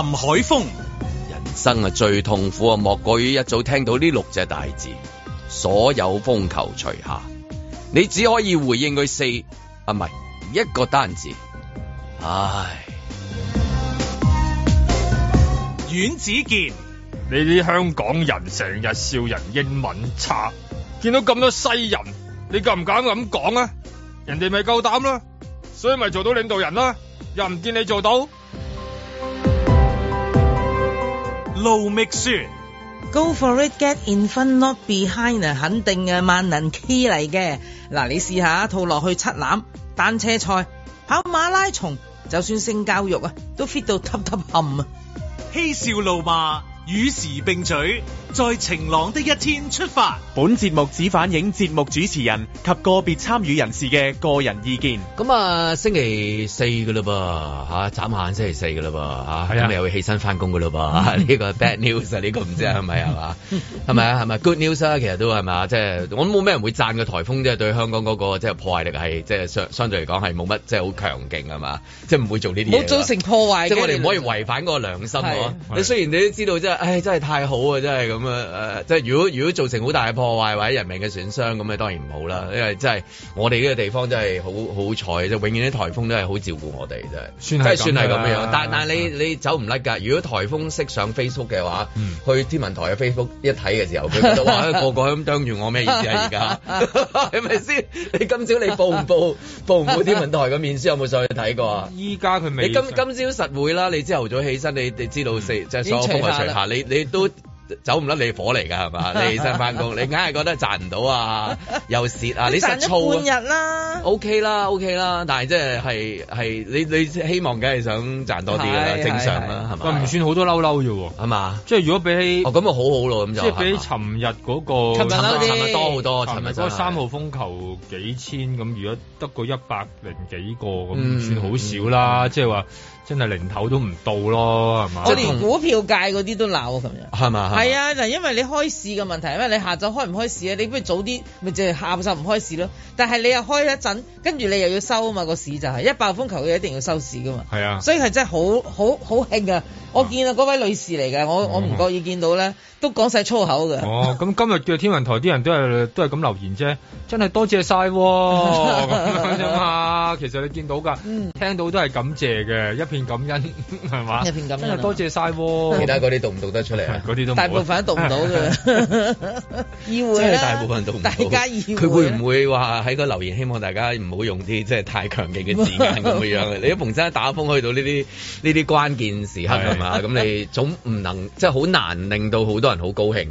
林海峰，人生啊最痛苦啊，莫過於一早聽到呢六隻大字，所有風球除下，你只可以回應佢四啊，唔係一個單字，唉。阮子健，你啲香港人成日笑人英文差，見到咁多西人，你敢唔敢咁講啊？人哋咪夠膽囉，所以咪做到領導人啦，又唔見你做到。路未算 Go for it，get in front，not behind 啊，肯定啊，萬能 key 嚟嘅。嗱，你試一下套落去七欖單車賽，跑馬拉松，就算性教育啊，都 fit 到凸凸冚啊！嬉笑怒罵，與時並嘴。在晴朗的一天出發。本節目只反映節目主持人及個別參與人士嘅個人意見。咁啊，星期四噶嘞噃嚇，眨、啊、下星期四噶嘞噃嚇，咁、啊、你、啊、又會起身翻工噶嘞噃？呢、 這個 bad news 啊，呢 個唔不知係咪係嘛？係咪啊？係 咪 good news 啊？其實都係嘛？即、就、係、是、我冇咩人會讚個颱風，即、就、係、是、對香港嗰個即係破壞力係，即係相相對嚟講係冇乜，即係好強勁係嘛？即係唔會做呢啲嘢。冇造成破壞。即、就、係、是、我哋唔可以違反那個良心、啊。你雖然你都知道，即係唉，真係太好啊，真係咁啊、呃，即係如果如果造成好大嘅破壞或者人命嘅損傷，咁啊當然唔好啦。因為真係我哋呢個地方真係好好彩，即係永遠啲颱風都係好照顧我哋，真係。算係咁樣，樣，但但係你你走唔甩㗎。如果颱風識上 Facebook 嘅話、嗯，去天文台嘅 Facebook 一睇嘅時候，佢覺得哇，個個咁當住我咩意思啊？而家係咪先？你今朝你報唔報 報唔報天文台嘅面書有冇上去睇過啊？依家佢未。你今今朝實會啦。你朝頭早起身，你你知道四、嗯、即係所有風和吹下，你你都。走唔甩你火嚟噶係嘛？你起身翻工，你硬係 覺得賺唔到啊，又蝕啊， 你失操啊。賺咗半日啦，OK 啦，OK 啦，但係即係係係你你希望梗係想賺多啲㗎啦，係係係正常啦係嘛？唔算好多嬲嬲啫喎，係嘛？即係如果比起，我咁啊，好好咯咁就即係比起尋日嗰個尋日多好多。尋日嗰三號風球幾千咁，如果得過一百零幾個咁，嗯、算好少啦。嗯、即係話真係零頭都唔到咯，係嘛？我連股票界嗰啲都鬧咁樣，係嘛？係啊，嗱，因為你開市嘅問題，因為你下晝開唔開市啊？你不如早啲，咪即係下晝唔開市咯。但係你又開一陣，跟住你又要收啊嘛，個市就係、是、一爆風球，佢一定要收市噶嘛。係啊，所以係真係好好好興啊！我見啊嗰位女士嚟嘅，我、嗯、我唔覺意見到咧，都講晒粗口嘅。哦，咁今日叫天文台啲人都係都係咁留言啫，真係多謝晒、哦。咁、 哦、其實你見到噶，嗯、聽到都係感謝嘅，一片感恩係嘛，一片感恩，感恩真係多謝晒、哦。其他嗰啲讀唔讀得出嚟嗰啲都。部分讀唔到嘅，意 會咧、啊， 大部分不大家意會、啊，佢會唔會話喺個留言， 希望大家唔好用啲即係太強勁嘅字眼咁嘅樣？ 你一逢親打風去到呢啲呢啲關鍵時刻啊嘛，咁 你總唔能即係好難令到好多人好高興，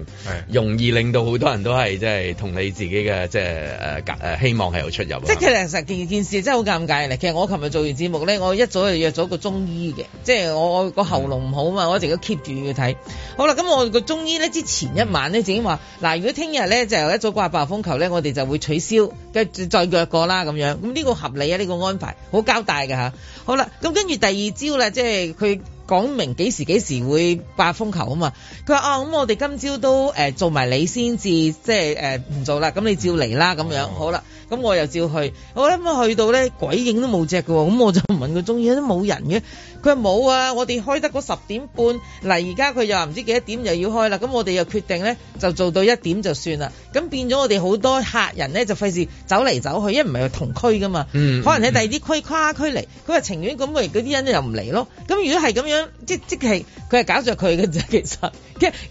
容易令到好多人都係即係同你自己嘅即係誒隔希望係有出入。即 係其實實件件事真係好尷尬嚟。其實我琴日做完節目咧，我一早就約咗個中醫嘅，即係我我個喉嚨唔好嘛，我一直都 keep 住要睇。好啦，咁我中醫咧，之前一晚咧自己話，嗱，如果聽日咧就有一早掛八風球咧，我哋就會取消，跟住再約過啦咁樣。咁呢個合理啊，呢、呢個安排好交代㗎。吓，好啦，咁跟住第二朝咧，即係佢講明幾時幾時會八風球啊嘛。佢話啊，咁、哦、我哋今朝都誒、呃、做埋你先至，即係誒唔做啦。咁你照嚟啦咁樣。好啦。咁我又照去，我咧去到咧鬼影都冇隻嘅，咁我就唔問佢中意，都冇人嘅，佢話冇啊，我哋開得嗰十點半，嗱而家佢又話唔知幾多點就要開啦，咁我哋又決定咧就做到一點就算啦，咁變咗我哋好多客人咧就費事走嚟走去，因為唔係同區㗎嘛、嗯，可能喺第二啲區、嗯、跨區嚟，佢話情願咁咪嗰啲人又唔嚟咯，咁如果係咁樣即即係佢係搞着佢嘅啫，其實，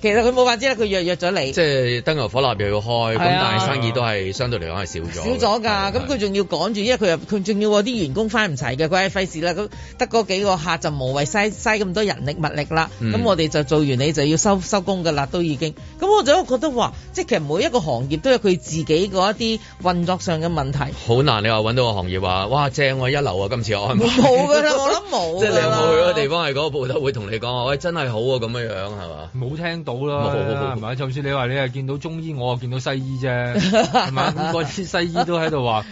其實佢冇法子啦，佢約約咗你，即係燈油火蠟又要開，咁、啊、但係生意都係、啊、相對嚟講係少咗。少噶、嗯，咁佢仲要趕住，因為佢佢仲要啲員工返唔齊嘅，佢費事啦。咁得嗰幾個客就無謂嘥嘥咁多人力物力啦。咁、嗯、我哋就做完你就要收收工噶啦，都已經。咁我就覺得話，即係其實每一個行業都有佢自己嗰一啲運作上嘅問題。好難你話揾到個行業話，哇正喎一流啊！今次我係冇噶啦，我諗冇。即 係你冇去嗰個地方係嗰個報道會同你講話，喂真係好啊，咁樣樣係嘛？冇聽到啦，係就算你話你係見到中醫，我見到西醫啫，係 嘛？嗰、那、啲、個、西醫都～喺度話，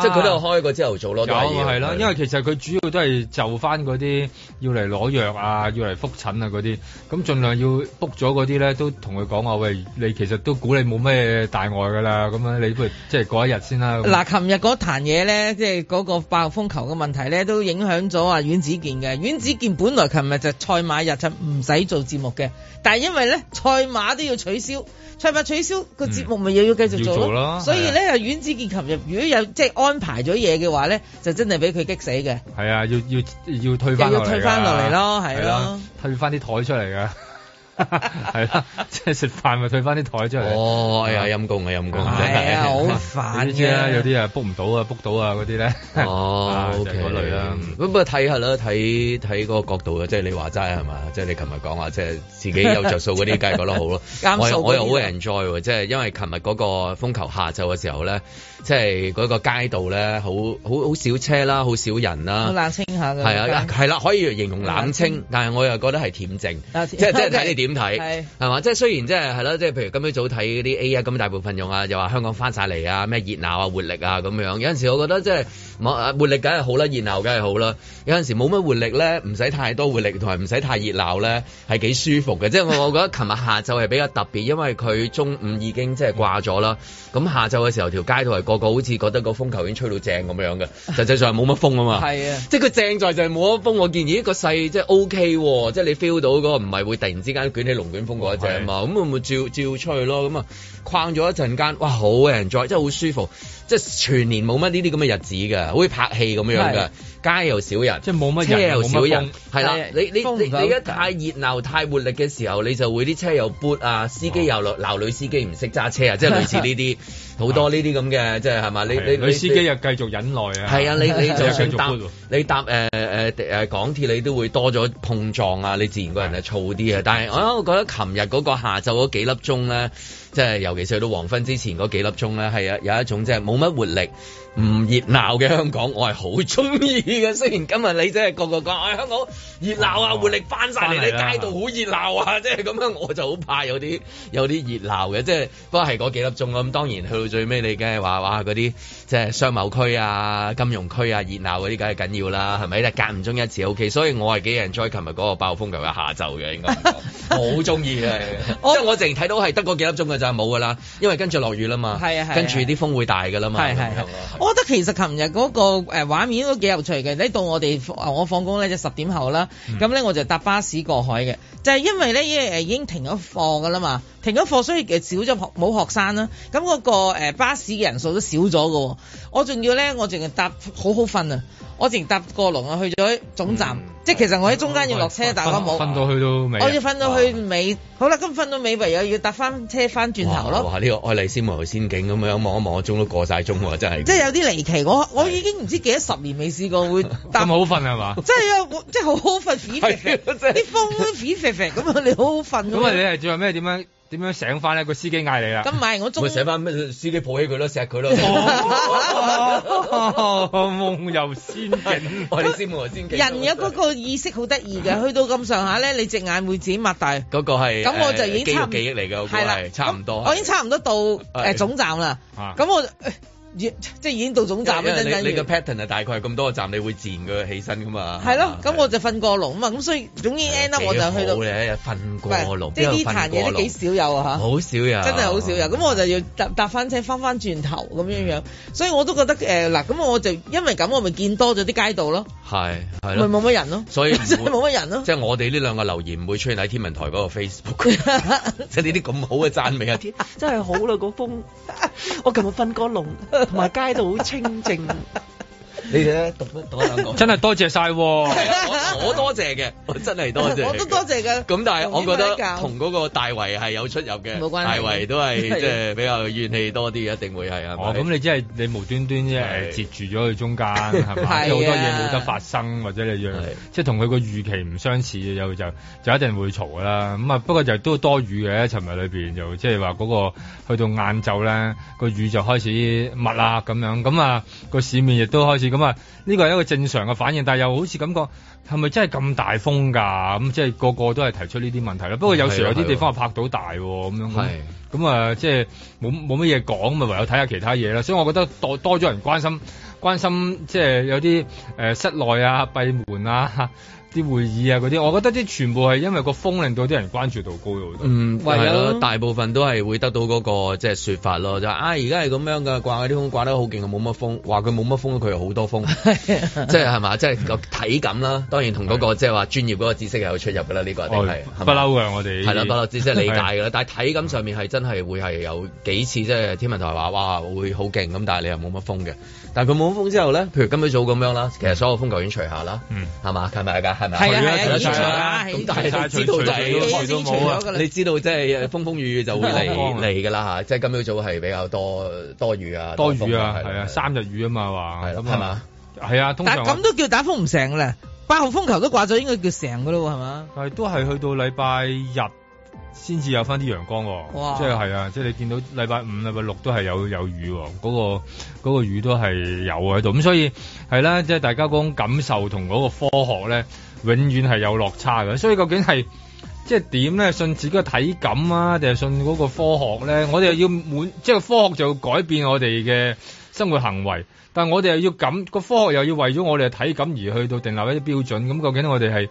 即係佢都有開個朝頭早咯，就係啦，因為其實佢主要都係就翻嗰啲要嚟攞藥啊，要嚟復診啊嗰啲，咁盡量要 book 咗嗰啲咧，都同佢講話喂，你其實都估你冇咩大礙噶啦，咁樣你不如即係過一日先啦。嗱 、啊，琴日嗰壇嘢咧，即係嗰個暴風球嘅問題咧，都影響咗啊阮子健嘅。阮子健本來琴日就賽馬日，就唔使做節目嘅，但係因為咧賽馬都要取消。唱發取消》這個節目咪又要繼續做咯、嗯，所以咧又阮子健琴日如果有即係安排咗嘢嘅話咧，就真係俾佢激死嘅。係啊，要要要推翻，要推翻落嚟咯，係咯、啊，推翻啲台出嚟嘅。係啦，即係食飯咪退翻啲台出嚟。哦，哎呀，陰公啊，陰公。係、哎、啊，好煩。你知有啲啊 book 唔到啊，book 到啊嗰啲咧。哦，OK。咁 啊，睇下啦，睇睇嗰個角度啊，即係你話齋係嘛，即係你琴日講話，即係自己有着數嗰啲，梗 係覺得好咯。我又我又好 enjoy，即係因為琴日嗰個風球下晝嘅時候咧。即係嗰個街道咧，好好好少車啦，好少人啦，好冷清一下嘅係啊，係啦、啊，可以形容冷清。冷清但係我又覺得係恬靜，即係即係睇你點睇係嘛？即係雖然、即係、係即係係啦，即係譬如今朝早睇嗰啲 A 一咁大部分用啊，又話香港翻晒嚟啊，咩熱鬧啊、活力啊咁樣。有陣時我覺得即係冇活力梗係好啦，熱鬧梗係好啦。有陣時冇乜活力咧，唔使太多活力同埋唔使太熱鬧咧，係幾舒服嘅。即 係我覺得琴日下晝係比較特別，因為佢中午已經即係掛咗啦。咁、嗯、下晝嘅時候，條街道係好似覺得個風球已經吹到正咁樣嘅，實際上係冇乜風啊嘛。係 啊，即係佢正在就係冇乜風。我見建一、OK 啊、個勢即係 O K，即係你 feel 到個唔係會突然之間捲起龍捲風嗰隻 啊嘛。咁會唔會照照吹咯？咁啊，逛咗一陣間，哇，好 enjoy，即係好舒服。即係全年冇乜呢啲咁嘅日子噶，好似拍戲咁樣噶、啊，街又少人，即係冇乜人，車又少人，係啦、啊啊。你你你你而家太熱鬧、太活力嘅時候，你就會啲車又 boot 啊，司機又鬧女司機唔識揸車啊，即係類似呢啲。好多呢啲咁嘅，即係係嘛？你你女司機又繼續忍耐啊？係啊，你你就想搭 你搭誒誒誒港鐵，你都會多咗碰撞啊！你自然個人係燥啲啊。但係我我覺得琴日嗰個下晝嗰幾粒鐘咧。即係尤其是去到黃昏之前嗰幾粒鐘咧，係有有一種即係冇乜活力、唔熱鬧嘅香港，我係好中意嘅。雖然今日你真係個個講，唉、哎、香港熱鬧啊、活力翻晒嚟，喺街度好熱鬧啊，即係咁樣，我就好怕有啲有啲熱鬧嘅，即、就、係、是、不過係嗰幾粒鐘啊。咁當然去到最尾你梗係話，哇嗰啲即係商貿區啊、金融區啊熱鬧嗰啲梗係緊要啦，係咪咧？間唔中一次 OK，所以我係幾享受琴日嗰個暴風球嘅下晝嘅應該好中意嘅，即 係我淨係睇到係得嗰幾粒鐘嘅。冇噶啦，因為跟住落雨啦嘛，係啊，跟住啲風會大噶啦嘛。係係我覺得其實琴日嗰個誒畫面都幾有趣嘅。呢到我哋我放工咧就十點後啦，咁、嗯、咧我就搭巴士過海嘅，就係、是、因為咧誒已經停咗課噶啦嘛，停咗課所以誒少咗冇學生啦。咁嗰、那個巴士嘅人數都少咗嘅。我仲要咧，我仲搭好好瞓啊！我淨係搭過龍啊去咗總站，嗯、即係其實我喺中間要落車，但我冇瞓到去到尾。我要瞓到去到尾、啊、尾。好啦，咁瞓到尾，唯有要搭翻車翻。轉頭咯，哇！呢、呢個愛麗絲夢遊仙境咁樣望一望，鐘都過晒鐘，真係，即係有啲離奇。我我已經唔知幾多十年未試過會咁好瞓係嘛？即係啊，我 即係好好瞓，啲 風都咁 樣，你好好瞓。咁 啊，你係做咩？點樣？點樣醒翻咧？個司機嗌你啦！咁唔係我中，會醒翻咩？司機抱起佢咯，錫佢咯。夢遊仙境，我哋先夢遊仙境。人有嗰個意識好得意嘅，去到咁上下咧，你隻眼會自己擘大。嗰個係咁，我就已經差唔多肌肉記憶嚟嘅，係啦，差唔多。我已經差唔多到誒總站啦。咁我誒。即係已經到總站啦！你你個 pattern 啊，大概咁多個站，你會自然佢起身噶嘛？係咯，咁我就瞓過龍啊嘛，咁所以總之 end 啦，我就去到。幾好咧！瞓過龍，即係呢壇嘢都幾少有嚇、啊。好少有，真係好少有。咁我就要搭搭翻車，翻翻轉頭咁樣樣。所以我都覺得誒嗱，咁、呃、我就因為咁，我咪見多咗啲街道咯。係係咪冇乜人咯。所以冇乜人咯。即係我哋呢兩個留言唔會出現喺天文台嗰個 Facebook。 即係呢啲咁好嘅讚美啊！天， 真係好啦，個風，我琴日瞓過龍。 同埋街度好清靜。 你哋咧讀得多啲真係多謝晒喎。我多謝嘅，真係多謝。我都多謝嘅。咁 但係我覺得同嗰個大圍係有出入嘅，大圍都係即係比較怨氣多啲，一定會係啊。咁、哦哦、你即、就、係、是、你無端端即係截住咗佢中間，係咪？好 多嘢冇得發生， 或者你即係同佢個預期唔相似，有就就一定會嘈噶啦。咁啊，不過就都多雨嘅，尋日裏面就即係話嗰個去到晏晝咧，個雨就開始密啦咁樣。咁啊，個市面亦都開始。咁、嗯、啊、呢、這個係一個正常嘅反應，但係又好似感覺係咪真係咁大風㗎？咁、嗯、即係個個都係提出呢啲問題啦。不過有時有啲地方係拍到大喎，咁樣、嗯。係、嗯。咁啊、嗯嗯嗯嗯，即係冇冇乜嘢講，咪啊唯有睇下其他嘢啦。所以我覺得多多咗人關心，關心即係有啲誒室內啊、閉門啊。啲會議啊嗰啲，我覺得啲全部係因為個風令到啲人關注度高咗。覺得嗯係咯、嗯，大部分都係會得到嗰、那個即係說法咯，就啊而家係咁樣噶，掛啲風掛得好勁，冇乜風，話佢冇乜風，佢又好多風， 即係係嘛，即係個體感啦。 當然同嗰、那個即係話專業嗰個知識有出入㗎啦，呢、這個一定係不嬲嘅。我哋係啦，不嬲知識理解㗎啦， 但係體感上面係真係會係有幾次即係天文台話哇會好勁咁，但係你又冇乜風嘅。但佢冇風之後呢，譬如今朝早咁樣啦，其實所有風球已經除下啦，係、嗯、咪？係咪㗎？係咪？係啊，一樣啊。咁、啊啊啊、但係大家知道就係你知道，即係風風雨雨就會嚟嚟㗎啦嚇！即係今朝早係比較多多雨啊，多雨啊，係啊，三日雨啊嘛話係嘛？係啊，通常、啊。但咁都叫打風唔成啦，八號風球都掛咗，應該叫成㗎喎，係咪？但係都係去到禮拜日。先至有翻啲陽光喎、哦，即係係啊，即係你見到禮拜五、禮拜六都係有有雨、哦，嗰、那個嗰、那個雨都係有喺度。咁所以係啦，即係大家講感受同嗰個科學咧，永遠係有落差嘅。所以究竟係即係點咧？信自己嘅體感啊，定係信嗰個科學咧？我哋又要滿，即係科學就要改變我哋嘅生活行為，但我哋又要感個科學又要為咗我哋嘅體感而去到定立一啲標準。咁究竟我哋係？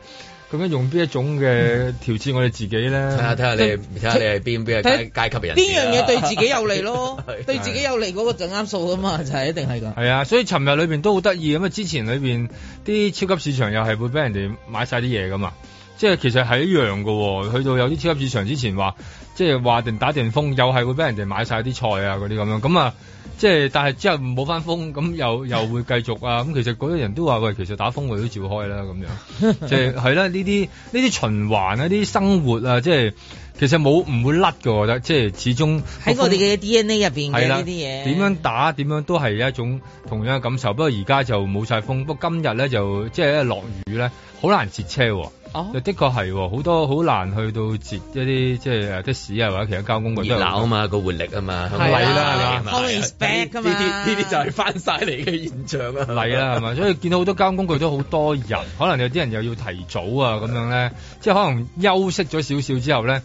究竟用邊一種嘅調節我哋自己咧？睇下睇下你，睇下你係邊邊個階級人、啊？邊樣嘢對自己有利咯？ 對自己有利嗰個就啱數噶嘛， 就係一定係咁。係啊，所以尋日裏邊都好得意咁啊！之前裏邊啲超級市場又係會俾人哋買晒啲嘢噶嘛，即係其實係一樣噶喎。去到有啲超級市場之前話，即係話定打定風，又係會俾人哋買晒啲菜啊嗰啲咁樣咁啊。即係，但係之後冇翻風，咁又又會繼續啊！咁其實嗰啲人都話：喂，其實打風我都照開啦咁樣，即係係啦。呢啲呢啲循環呢啲生活啊，即係其實冇唔會甩嘅，我覺得。即係始終喺我哋嘅 DNA 入邊係啦呢啲嘢。點樣打點樣都係一種同樣嘅感受。不過而家就冇晒風，不過今日咧就即係落雨咧，好難截車。哦、的確係，好多好難去到接一啲即係的士啊，或者其他交通工具都熱鬧啊嘛，個活力啊嘛，係啦，嘛，always b c t 㗎嘛，呢啲呢啲就係翻晒嚟嘅現象啊，嚟啦，係嘛，所以見到好多交通工具都好多人， 可能有啲人又要提早啊咁樣咧，即係可能休息咗少少之後咧，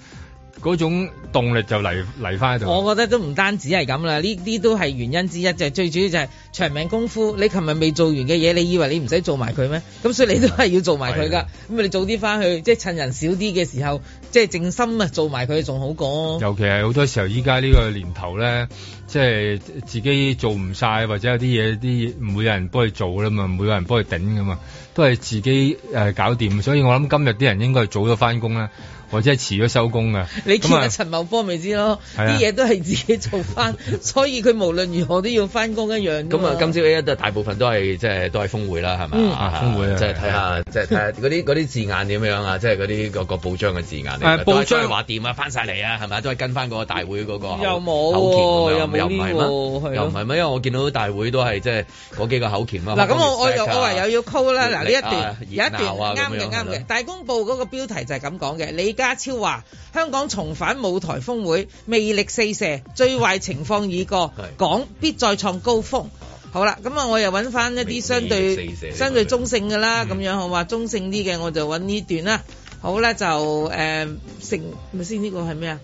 嗰種動力就嚟嚟翻喺度。我覺得都唔單止係咁啦，呢啲都係原因之一，就係最主要就係、是。長命功夫，你琴日未做完嘅嘢，你以為你唔使做埋佢咩？咁所以你都係要做埋佢噶。咁你早啲翻去，即係趁人少啲嘅時候，即係靜心啊，做埋佢仲好過、哦。尤其係好多時候，依家呢個年頭咧，即係自己做唔晒，或者有啲嘢啲唔會有人幫佢做啦嘛，唔會有人幫佢頂噶嘛，都係自己誒搞掂。所以我諗今日啲人應該係早咗翻工啦，或者係遲咗收工噶。你見阿陳茂波咪知咯？啲嘢都係自己做翻，所以佢無論如何都要翻工一樣。咁啊，今朝 A 一都大部分都係即係都係峯會啦，係咪？峯會即係睇下，即係睇下嗰啲啲字眼點樣啊？即係嗰啲個個報章嘅字眼。報章話掂啊，翻晒嚟啊，係咪？都係跟翻個大會嗰個又冇又唔係咩？又唔係咩？因為我見到大會都係即係嗰幾個口訣啊。嗱，咁我我又、啊、我又要 call 啦。嗱、啊，呢一段、啊啊、有一段啱嘅啱嘅。大公報嗰個標題就係咁講嘅。李家超話：香港重返舞台峯會，魅力四射，最壞情況已過， 港必再創高峰。好啦，咁我又揾返一啲相對寺寺寺相對中性嘅啦，咁、嗯、樣好嘛？中性啲嘅我就揾呢段啦。好咧，就誒、呃，成咪先呢個係咩呀？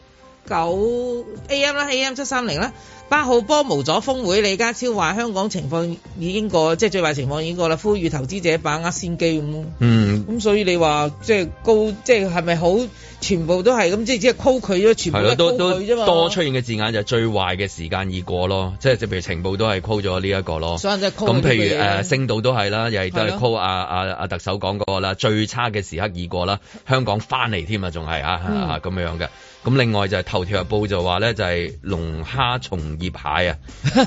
九 A M 啦，A M 七三零啦，八號波無咗峰會，李家超話香港情況已經過，即係最壞情況已經過啦，呼籲投資者把握先機咁咯。嗯，咁所以你話即係高，即係係咪好？全部都係咁，即係只係 call 佢咗全部都 call 佢啫嘛。多出現嘅字眼就係最壞嘅時間已過咯，即係即譬如情報都係 call 咗呢一個咯。咁譬如誒星島都係啦，又係都係 call 阿阿阿特首講嗰個啦，最差嘅時刻已過啦，香港翻嚟添啊，仲、嗯、係啊咁樣嘅。咁另外就係、是《頭條日報》就話呢，就係、是、龍蝦、松葉蟹呀、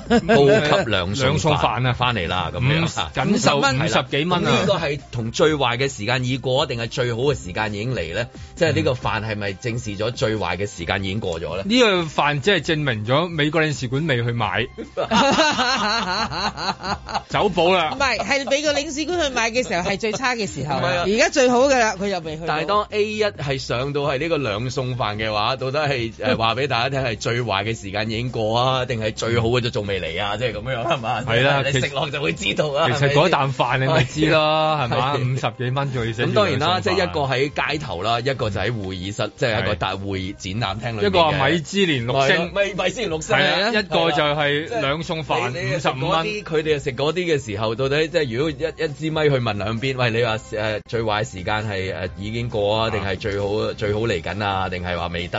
高 級兩餸飯， 飯啊，翻嚟啦咁樣。僅售五十幾蚊啊！呢個係同最壞嘅時間已過，定係最好嘅時間已經嚟呢？即係呢個飯係咪證實咗最壞嘅時間已經過咗呢？呢、嗯這個飯即係證明咗美國領事館未去買， 走寶啦！唔係，係俾個領事館去買嘅時候係最差嘅時候、啊，而家、啊、最好嘅啦，佢又未去。但係當 A 1係上到係呢個兩餸飯嘅話。到底係誒話俾大家聽係最壞嘅時間已經過啊，定係最好嘅都仲未嚟啊？即係咁樣係嘛？係啦，你食落就會知道啊。其實嗰啖飯你咪知咯，係咪？五十幾蚊最，咁當然啦，即係一個喺街頭啦，一個就喺會議室，即係一個大會展覽廳裏一個米芝蓮六星，咪米芝蓮六星。係啦，一個就係兩餸飯，五十五蚊。佢哋食嗰啲嘅時候，到底即係如果一一支米去問兩邊？喂，你話最壞時間係已經過啊，定係最好最好嚟緊啊？定係話未得？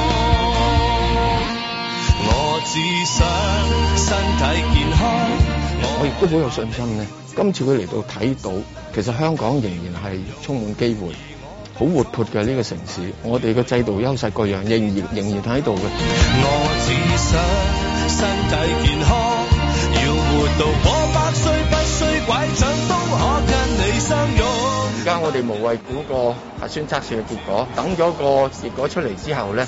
我亦都好有信心咧，今次佢嚟到睇到，其實香港仍然係充滿機會，好活潑嘅呢個城市，我哋嘅制度優勢各樣仍然仍然喺度嘅。我只想身體健康，要活到我百歲，不需拐杖都可跟你相擁。而家我哋無謂估個核酸測試嘅結果，等咗個結果出嚟之後咧。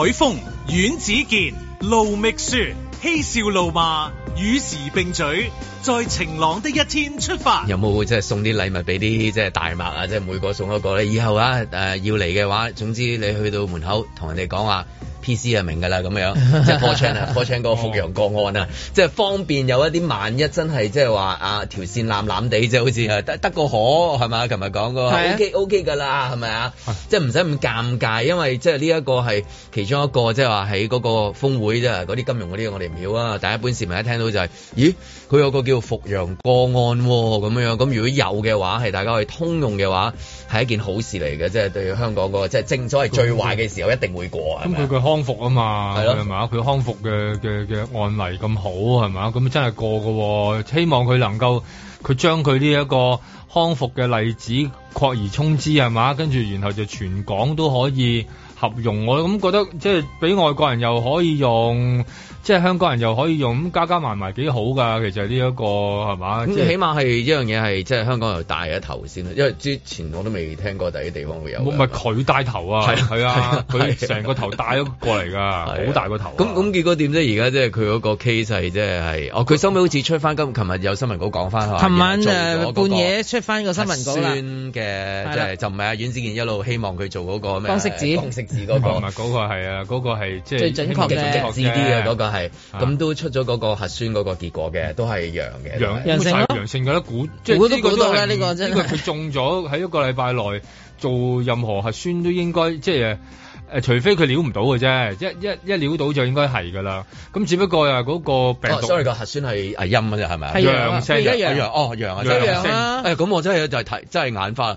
海峰、阮子健、盧覓雪，嬉笑怒罵，與時並舉，在晴朗的一天出發。有冇即係送啲禮物俾啲即係大麥啊？即係每個送一個咧，以後啊誒、呃、要嚟嘅話，總之你去到門口同人哋講話。P C 啊，明噶啦，咁樣即係破窗啊，破窗個復陽個案啊，即 係方便有一啲萬一真係即係話啊條線濛濛地，即係好似係得得個可係嘛？琴日講過 O K O K 噶啦，係咪啊，OK, OK，啊？即係唔使咁尷尬，因為即係呢一個係其中一個即係話喺嗰個峯會啫，嗰啲金融嗰啲我哋唔曉啊。但係一般市民一聽到就係、是，咦佢有個叫復陽個案咁、哦、樣，咁如果有嘅話，係大家可以通用嘅話，係一件好事嚟嘅，即係對香港個即係正所謂最壞嘅時候一定會過，啊？康復啊嘛，係咪啊？佢康復嘅嘅嘅案例咁好，係咪啊？咁真係過嘅、哦，希望佢能夠佢將佢呢一個康復嘅例子擴而充之，係咪啊？跟住然後就全港都可以合用我咁覺得，即係俾外國人又可以用。即係香港人又可以用，咁加加埋埋幾好噶。其實呢、這、一個係嘛，咁、嗯、起碼係一樣嘢係即係香港又帶咗頭先啦。因為之前我都未聽過第啲地方會有。唔係佢帶頭啊，係啊，佢成、啊啊啊啊、個頭帶咗過嚟㗎，好、啊、大個頭、啊。咁咁結果點啫？而家即係佢嗰個 case 即係係，哦，佢收尾好似出翻今，琴日有新聞稿講翻。琴晚、啊那個、半夜出翻個新聞稿啦、啊。嘅即係就唔係阿阮子健一路希望佢做嗰、那個咩？方式字，方式字嗰個。唔 嗰、那個係啊，嗰、那個係即係最準確嘅、最學質啲嘅嗰個係咁都出咗嗰個核酸嗰個結果嘅、啊，都係陽嘅，陽性、啊。陽、就是、性嘅啦，估即係呢、這個都估到啦，呢、這個因為佢中咗喺一個禮拜內做任何核酸都應該即係誒、呃，除非佢料唔到嘅啫，一一一料到就應該係噶啦。咁只不過又嗰個病毒 sorry，個核酸係陰嘅係咪係陽性一樣，哦，陽啊，一樣啊。誒，咁、哦啊啊啊啊哎、我真係就係、是、睇真係眼花。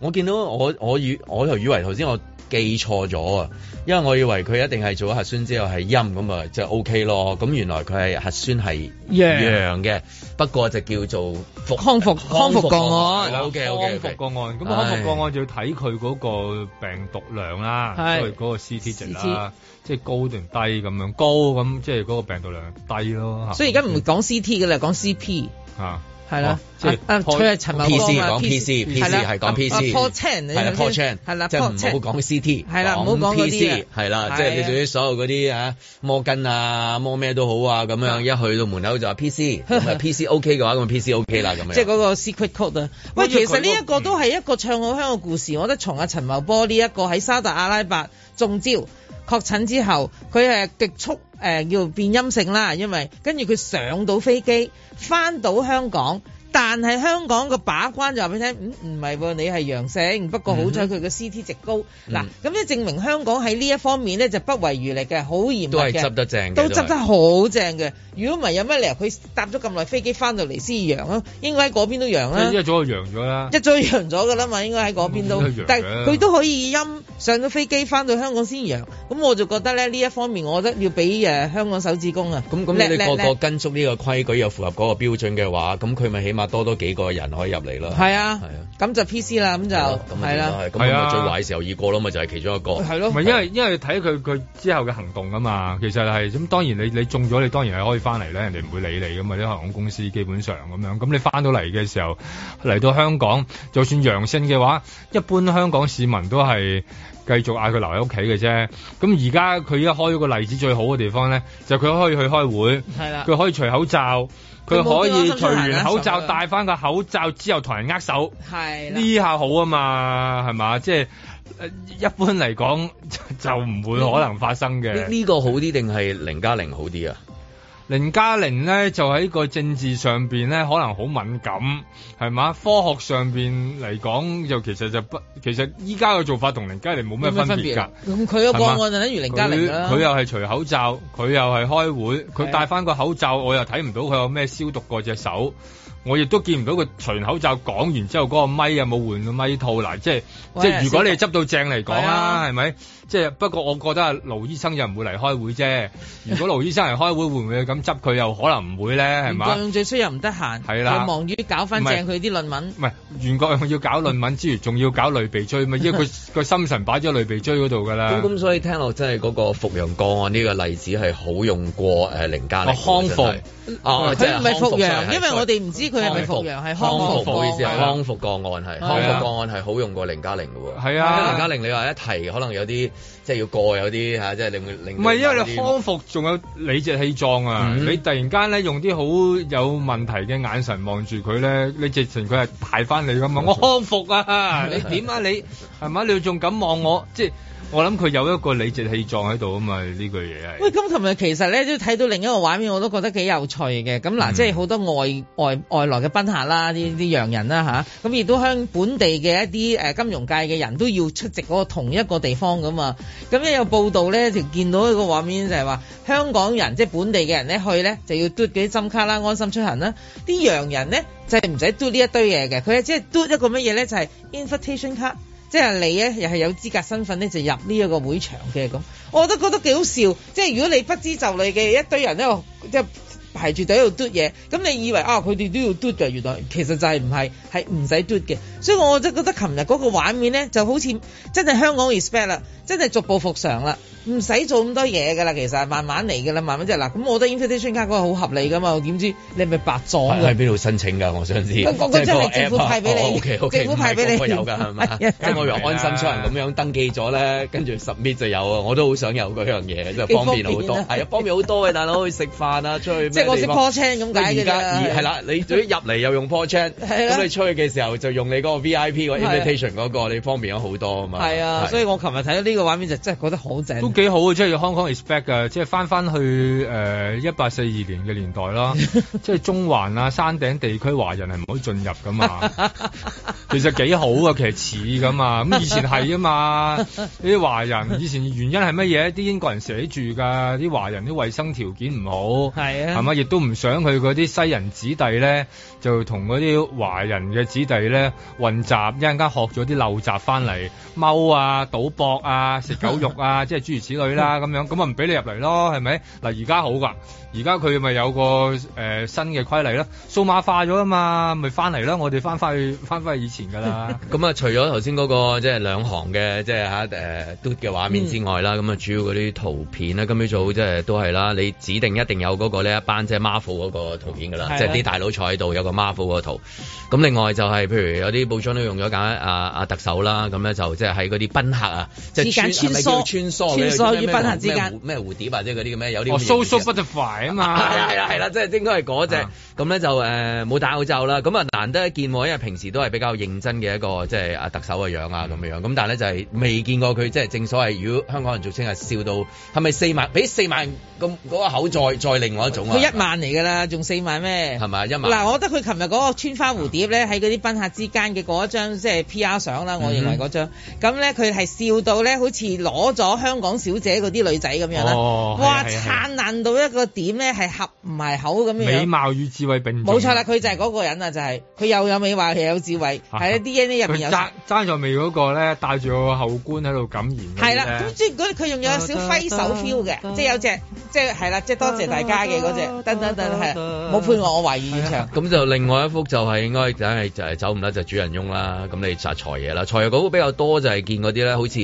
我見到我我以我就以為頭先我。記錯咗啊！因為我以為佢一定係做咗核酸之後係陰咁啊，就 O、OK、K 咯。咁原來佢係核酸係陽嘅，yeah. 不過就叫做復康復康復個案。好嘅，好嘅。康復個案，咁康復個案就要睇佢嗰個病毒量啦，佢嗰個 CT 值啦，即係高定低咁樣。高咁即係嗰個病毒量低咯。所以而家唔講 CT 嘅、嗯、啦，講 CP 嚇。係啦、啊，啊，即、啊、係陳茂波 PC，講啦、啊，係 p c f o、啊、u c 係。a i 啦 Paul Chan，係啦，即係、啊。唔好講 CT，係。啦、啊，唔好講 pc 係啦，即係、啊就是、你做啲所有嗰啲嚇摩根啊，摩咩都好啊，咁樣、啊、一去到門口就話 PC，PC OK 嘅話咁 PC OK 啦咁、okay、樣即係。嗰、啊就是、個 secret code 啊，喂，其實呢一個都係一個唱好香嘅故事、嗯，我覺得從阿陳茂波呢一個喺沙特阿拉伯中招。確診之後，佢係極速誒、呃，叫變陰性啦，因為跟住佢上到飛機，翻到香港。但係香港個把關就話俾你聽，唔、嗯、係你係陽性，不過好彩佢個 CT 值高，嗱、嗯，咁即係證明香港喺呢一方面咧就不遺餘力嘅，好嚴格嘅，都執得正，都執得好正嘅。如果唔係有咩理由，佢搭咗咁耐飛機翻到嚟先陽啊？應該喺嗰邊都陽啦。一早就是、陽咗啦，一早陽咗㗎啦嘛，應該喺嗰邊都，嗯、陽。但佢都可以陰上咗飛機翻到香港先陽。咁我就覺得咧呢一方面，我覺得要俾誒、啊、香港手指公啊。咁咁，你各個個跟足呢個規矩又符合嗰個標準嘅話，咁佢咪起碼，多多幾個人可以入嚟咯，係啊，啊，咁就 P C 啦，咁就係啦，係啊，啊就係、啊最壞嘅時候已過啦嘛，就係、係、其中一個，係咯、啊，唔係、啊啊、因為因為睇佢佢之後嘅行動啊嘛，其實係咁，當然你你中咗，你當然係可以翻嚟咧，人哋唔會理你噶嘛，啲航空公司基本上咁樣，咁你翻到嚟嘅時候嚟到香港，就算陽性嘅話，一般香港市民都係。繼續嗌佢留喺屋企嘅啫。咁而家佢而家開咗個例子最好嘅地方咧，就佢、係、可以去開會，佢可以除口罩，佢可以除完口罩戴翻個口罩之後同人握手。係呢下好啊嘛，係嘛？即、就、係、係、一般嚟講就唔會可能發生嘅。呢、嗯這個好啲定係零加零好啲啊？零加零咧，就喺個政治上邊咧，可能好敏感，係嘛？科學上邊嚟講，就其實就不，其實依家嘅做法同零加零冇咩分別噶。咁佢個案就等於零加零，佢佢又係除口罩，佢又係開會，佢戴翻個口罩，我又睇唔到佢有咩消毒過隻手。我亦都見唔到佢除口罩講完之後，嗰、那個咪有冇換個咪套嗱，即係即係如果你執到正嚟講啦，係、哎、咪？即係不過我覺得啊，盧醫生又唔會嚟開會啫。如果盧醫生嚟開會， 會唔會咁執佢？又可能唔會咧，係嘛？袁國勇最衰又唔得閒，係啦，忙於搞翻正佢啲論文。唔係袁國勇要搞論文之餘，仲 要搞類鼻疽，因為佢個心神擺咗類鼻疽嗰度㗎啦。咁 所，所以聽落真係嗰、那個復陽個案呢個例子係好用過誒零加零、啊啊啊啊、康復唔係復陽，因為我哋唔知。佢係咪復？陽？係康復，意思，係康復個、啊、案，係、啊、康復個案係好用過零加零嘅喎。係啊，零加零你話一提，可能有啲即係要過有啲即係令佢令唔係因為你康復仲有理直氣壯啊、嗯！你突然間咧用啲好有問題嘅眼神望住佢咧，你直情佢係排翻你㗎嘛？我康復啊，啊！你點啊？你係咪？你仲敢望我即係？我諗佢有一個理直氣壯喺度啊嘛，呢句嘢。喂，咁琴日其實咧都睇到另一個畫面，我都覺得幾有趣嘅。咁嗱，即係好多外、嗯、外外來嘅賓客啦，啲啲洋人啦吓，咁亦都向本地嘅一啲金融界嘅人都要出席嗰個同一個地方㗎嘛。咁咧有報道咧就見到一個畫面就，就係話香港人即係本地嘅人咧去咧就要嘟幾針卡啦，安心出行啦。啲洋人咧就係唔使嘟呢一堆嘢嘅，佢即係嘟一個乜嘢咧，就係、是、invitation card。即係你咧，又係有資格身份咧，就入呢一個會場嘅咁，我都覺得幾好笑。即係如果你不知就理嘅一堆人喺度，即係排住隊喺度嘟嘢，咁你以為啊，佢哋都要嘟嘅。原來其實就係唔係，係唔使嘟嘅。所以我就覺得琴日嗰個畫面咧，就好似真係香港 respect 啦，真係逐步復常啦。唔使做咁多嘢㗎啦，其實慢慢嚟㗎啦，慢慢即係嗱，咁我覺得 invitation 卡嗰個好合理㗎嘛，點知你係咪白撞？喺邊度申請㗎？我想知。即你、那個、政府派俾你。哦、okay, okay，政府派俾你。那個、有㗎係咪？哎、即係我用安心出行咁樣、啊、登記咗咧，跟住 submit 就有，有啊。我都好想有嗰樣嘢，即係方便好多。係啊，方便好多嘅， 大佬去食飯啊，出去。即係我識 po check 咁解㗎啦。而家係啦，你如果入嚟又用 po check 咁你出去嘅時候就用你嗰個 VIP 嗰、啊嗰個 invitation 嗰、嗰個，你方便咗好多啊嘛。係啊，所以我琴日睇到呢個畫面就真係覺得好正。幾好啊！即係 Hong Kong is back 啊！即係翻翻去誒一八四二年嘅年代啦， 即係中環啊、山頂地區華人係唔可以進入噶嘛。 其實幾好啊，其實似㗎嘛。咁以前係啊嘛，呢啲華人以前原因係乜嘢？啲英國人寫住㗎，啲華人啲衛生條件唔好，係啊，係咪，亦都唔想佢嗰啲西人子弟咧，就同嗰啲華人嘅子弟咧混雜，一陣間學咗啲陋習翻嚟，踎啊，賭博啊，食狗肉啊， 即係諸如此類啦、啊，咁樣咁啊唔俾你入嚟咯，係咪？嗱而家好㗎。而家佢咪有個誒、呃、新嘅規例咯，數碼化咗啊嘛，咪翻嚟啦！我哋翻返去，翻返去以前㗎啦、 那個。咁啊，除咗頭先嗰個即係兩行嘅即係嚇誒 d 嘅畫面之外啦，咁、嗯、啊主要嗰啲圖片咧，今朝早即係、就是、都係啦。你指定一定有嗰、那個咧一班即係 Marvel 嗰個圖片㗎啦，即係啲大佬坐喺度有個 Marvel 個圖。咁另外就係、是、譬如有啲報章都用咗架啊，阿、啊、特首啦，咁咧就即係喺嗰啲賓客啊、就是，時間穿梭穿梭穿梭與賓客之間咩蝴蝶啊，即係啲咁有啲。哦啊嘛，係啦，係啦，係啦，即係應該係嗰隻咁咧就誒冇、呃、打口罩啦，咁啊難得一見喎，因為平時都係比較認真嘅一個即係啊特首嘅樣啊咁樣，咁但係咧就係、是、未見過佢即係正所謂如果香港人俗稱係笑到係咪四萬？俾四萬咁嗰個口再再另外一種啊，佢一萬嚟㗎啦，仲四萬咩？係咪一萬？嗱，我覺得佢琴日嗰個穿花蝴蝶咧喺嗰啲賓客之間嘅嗰一張即係 P R 相啦，我認為嗰張咁咧佢係笑到咧好似攞咗香港小姐嗰啲女仔咁樣啦，哇是的是的燦爛到一個點！咁係合唔係口咁樣？美貌與智慧並重，冇錯啦，佢就係嗰個人啦，就係、是、佢又有美貌又有智慧，喺 DNA 入面有。爭爭在未嗰個咧，帶住個後冠喺度感言。係啦，即係佢仲有少揮手 feel 嘅，即係有隻即係係啦，即係多謝大家嘅嗰隻。等等等等，冇配我懷疑現場咁、啊啊、就另外一幅就係應該，梗係就係走唔甩就主人翁啦。咁你殺財爺啦，財爺嗰比較多就係見嗰啲咧，好似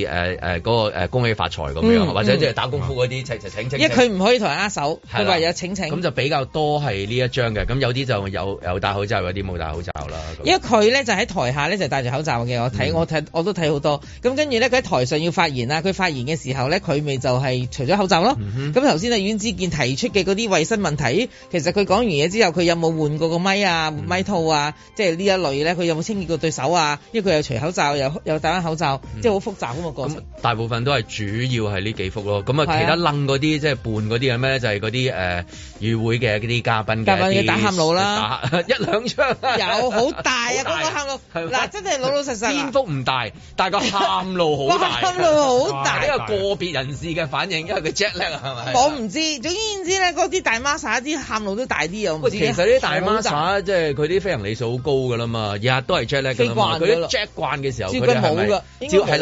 嗰個恭喜發財咁樣，嗯嗯或者即係打功夫嗰啲請請佢唔可以同人握手？有咁就比較多係呢一張嘅，咁有啲就有有戴口罩，有啲冇戴口罩啦。因為佢咧就喺台下咧就戴住口罩嘅，我睇、嗯、我睇我都睇好多。咁跟住咧佢喺台上要發言啦，佢發言嘅時候咧佢咪就係除咗口罩咯。咁頭先啊，阮子健提出嘅嗰啲衛生問題，其實佢講完嘢之後，佢有冇換過個咪啊、咪、嗯、套啊，即係呢一類咧，佢有冇清潔過對手啊？因為佢又除口罩，又又戴翻口罩，嗯、即係好複雜咁，大部分都係主要係呢幾幅咯。咁啊，其他掹嗰啲即係半嗰啲係咩就係嗰啲誒誒，與會嘅嗰啲嘉賓嘅大喊路啦，一兩槍有好大啊！嗰、啊嗰個喊路嗱，真係老老實實，箭風唔大，但係個喊路好大， 喊路好大，因為個別人士嘅反應， 因為佢 jack 叻係咪？我唔知，總言之咧，嗰啲大 master 啲喊路都大啲。其實呢啲大 master 即係佢啲飛行理數好高㗎啦嘛，日日都係 jack 叻，佢啲 jack 慣嘅時候，冇㗎，照係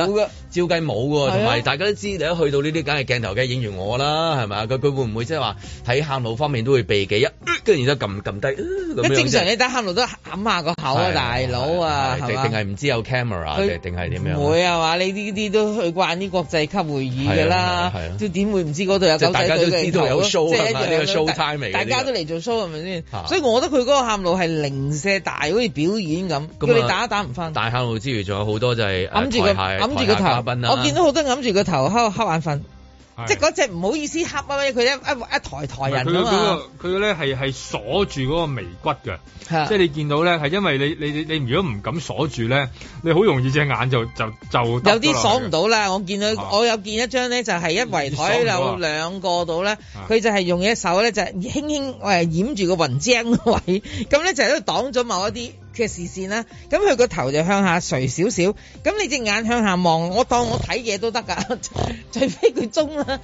照計冇㗎，同埋大家都知，一去到呢啲梗係鏡頭梗影完我啦，係咪啊？佢佢會唔會即係話你喊路方面都會避忌一，跟、嗯、住然之後撳撳低、嗯，正常、嗯嗯、你打喊路都冚下個口啊，大佬啊，定係唔知有 camera 定係點樣？唔會係、啊、嘛？你呢啲都去慣啲國際級會議㗎啦，即點、啊啊啊、會唔知嗰度有狗仔隊，大家都知道有 show 啊，show time？大家都嚟做 show 係咪先？所以我覺得佢嗰個喊路係零舍大，好似表演咁，叫你打都打唔翻。大喊路之餘，仲有好多就係揞住個揞住個頭、啊，我見到好多揞住個頭瞌眼瞓。即嗰隻唔好意思，黑啊，佢一一一台台人，佢呢，佢咧係係鎖住嗰個眉骨嘅、啊，即你見到咧，係因為你你你，你你如果唔敢鎖住咧，你好容易隻眼就就就有啲鎖唔到啦。我見到、啊、我有見一張咧，就係一圍枱有兩個度咧，佢、啊、就係用一手咧就輕輕誒掩住個雲漿位，咁 咧就喺度擋咗某一啲。嘅視線啦，咁佢個頭就向下垂少少，咁你隻眼向下望，我當我睇嘢都得噶，除非佢瞌啦，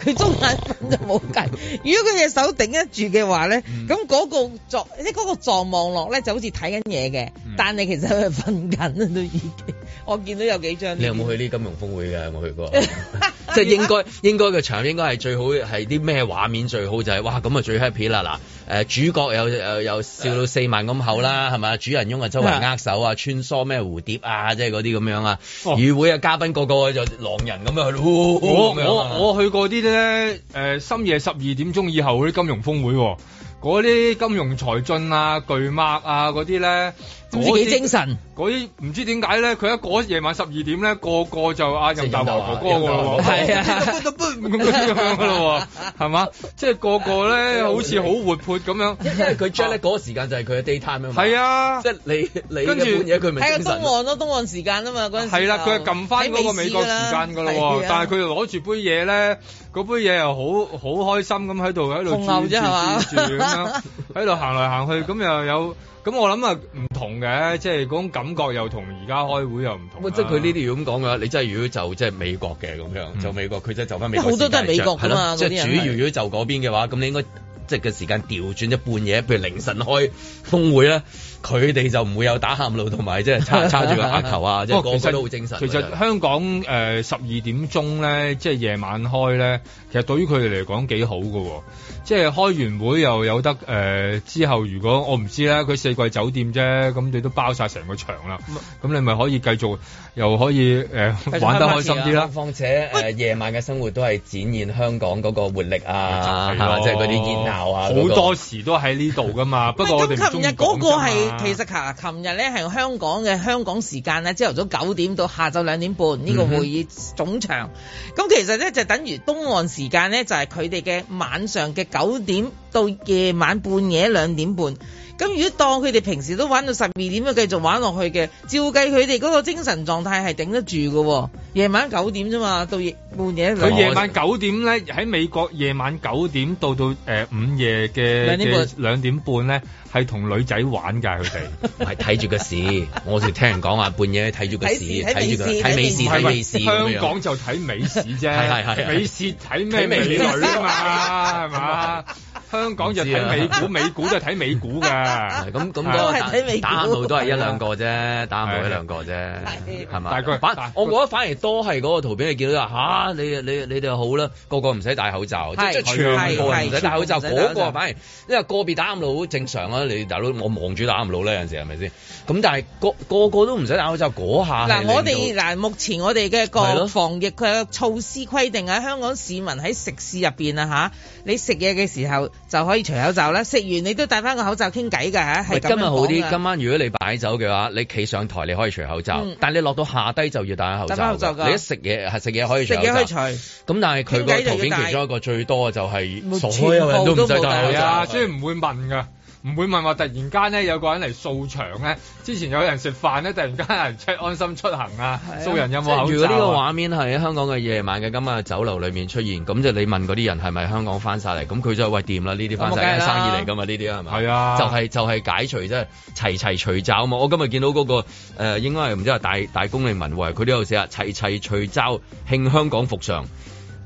佢瞌眼瞓就冇計。如果佢隻手頂得住嘅話咧，咁嗰、嗰個即係嗰、嗰個撞、嗰個、撞望落咧，就好似睇緊嘢嘅，但你其實佢瞓緊都已經，我見到有幾張。你有冇去呢金融峰會㗎？有冇去過？ 即係應該應該嘅場面應該係最好係啲咩畫面最好就係哇咁啊最 happy 啦嗱誒主角有有有笑到四萬咁厚啦係咪啊主人翁啊周圍握手啊穿梭咩蝴蝶啊即係嗰啲咁樣啊，與、哦、會啊嘉賓個個就狼人咁樣咯。我我,我去過啲咧誒深夜十二點鐘以後嗰啲金融峯會嗰啲金融才俊啊巨擘啊嗰啲咧。唔知幾精神？嗰啲唔知點解咧？佢一嗰夜晚十二點咧，個個就阿任達華哥哥個喎，係、哦、啊，咁樣噶咯喎，係嘛？即係個個咧，好似好活潑咁樣。 因為佢 join 呢嗰個時間就係佢嘅 daytime 啊嘛。係啊，即係你你跟住喺東岸咯，東岸時間啊嘛嗰陣時。係啦，佢撳翻嗰個美國時間噶咯、啊、但係佢攞住杯嘢咧，杯嘢又好好開心咁喺度喺度咁喺度行嚟行去咁 又有。咁我諗啊，唔同嘅，即係嗰種感覺又同而家開會又唔同、啊嗯嗯。即係佢呢啲如果咁講嘅話，你真係如果就即係美國嘅咁樣，就美國佢真係就翻美國。好多都係美國噶嘛，啊、即係主要如果就嗰邊嘅話，咁你應該即係嘅時間調轉一半夜，譬如凌晨開峰會咧。佢哋就唔會有打喊路同埋即係叉叉住個額頭啊！即 係個，個個都好精神，啊其實。其實香港誒十二點鐘咧，即係夜晚開咧，其實對於佢哋嚟講幾好㗎喎，哦，即、就、係、是、開完會又有得誒、呃、之後，如果我唔知咧，佢四季酒店啫，咁你都包晒成個場啦，咁你咪可以繼續又可以誒、呃、玩得開心啲啦。況且誒夜晚嘅生活都係展現香港嗰個活力啊，即係嗰啲煙鬧啊，好、就是啊那個、多時都喺呢度噶嘛。 不過我哋唔日嗰其實琴日咧係香港嘅香港時間咧，朝頭早九點到下晝兩點半呢、呢個會議總場咁、嗯、其實咧就等於東岸時間咧，就係佢哋嘅晚上嘅九點到夜晚半夜兩點半。咁如果當佢哋平時都玩到十二點，都繼續玩落去嘅，照計佢哋嗰個精神狀態係頂得住喎。夜晚九點啫嘛，到夜半夜兩。佢夜晚九點咧，喺美國夜晚九點到到誒、呃、午夜嘅嘅兩點半咧。係同女仔玩㗎，佢哋係睇住個市。市 我哋聽人講話半夜睇住個市，睇市睇市，係咪香港就睇美市啫？係係係。美市睇咩美女啊？嘛係嘛？ 是吧 香港就睇美股，啊、美股都係睇美股嘅。 咁咁多打打唔到都係一兩個啫，打唔到一兩個啫，係嘛？但係，反我覺得反而多係嗰個圖片，你見到話吓，你你你哋好啦，個個唔使戴口罩，即係全部人唔使戴口罩。嗰個,個,個,、嗰個反而因為個別打唔到好正常啊。 你大佬我望住打唔到咧，有陣時係咪先？咁但係個個個都唔使戴口罩嗰下。嗱、啊，我哋嗱、啊，目前我哋嘅個防疫嘅、啊、措施規定啊，香港市民喺食肆入邊啊吓，你食嘢嘅時候。就可以除口罩啦。食完你都戴翻個口罩傾偈㗎吓，係今日好啲，今晚如果你擺酒嘅話，你企上台你可以除口罩，嗯，但你落到下低就要戴，口罩，戴口，罩口罩。口罩你一食嘢食嘢可以。除除。咁但係佢個圖片其中一個最多嘅就係。所有人都唔使戴，戴口罩，啊，所以唔會問㗎。唔會問話突然間咧有個人嚟掃場咧。之前有人食飯咧，突然間有人出安心出行啊，掃人有冇口罩啊。即係如果呢個畫面係喺香港嘅夜晚嘅，今晚酒樓裏面出現，咁就你問嗰啲人係咪香港翻晒嚟？咁佢就喂掂啦，呢啲翻晒嚟生意嚟㗎嘛，呢啲係咪？係啊，就係、是、就係、是、解除即係齊齊除罩啊嘛！我今日見到嗰個誒，應該係唔知係大大公力民眾，佢都有寫啊，齊齊除罩，那個呃、齊齊除罩慶香港復常。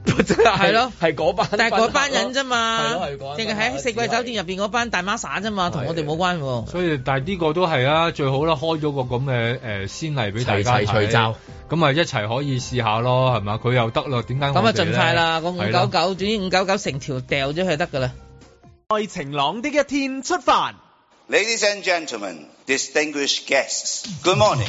真係係咯，係嗰班，但係嗰班人啫嘛，淨係喺四季酒店入邊嗰班大媽耍啫嘛，同我哋冇關係。所以但係呢個都係啊，最好啦，開咗個咁嘅誒先例俾大家睇，齊齊聚咁啊一齊可以試下咯，係咪，佢又得啦，點解我哋咧？咁啊，盡快啦，五九九，599, 總之五九九成條掉咗佢得噶啦。在晴朗的一天出發，Ladies and gentlemen, distinguished guests, good morning.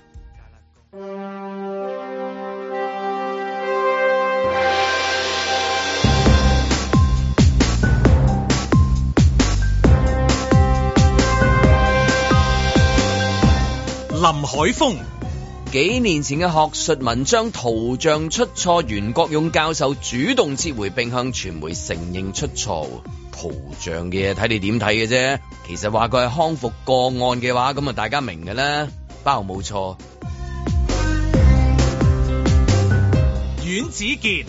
林海峰，幾年前嘅學術文章圖像出錯，袁國勇教授主動撤回，並向傳媒承認出錯圖像嘅嘢，睇你點睇嘅啫。其實話佢係康復個案嘅話，咁啊大家明嘅啦，包冇錯。阮子杰，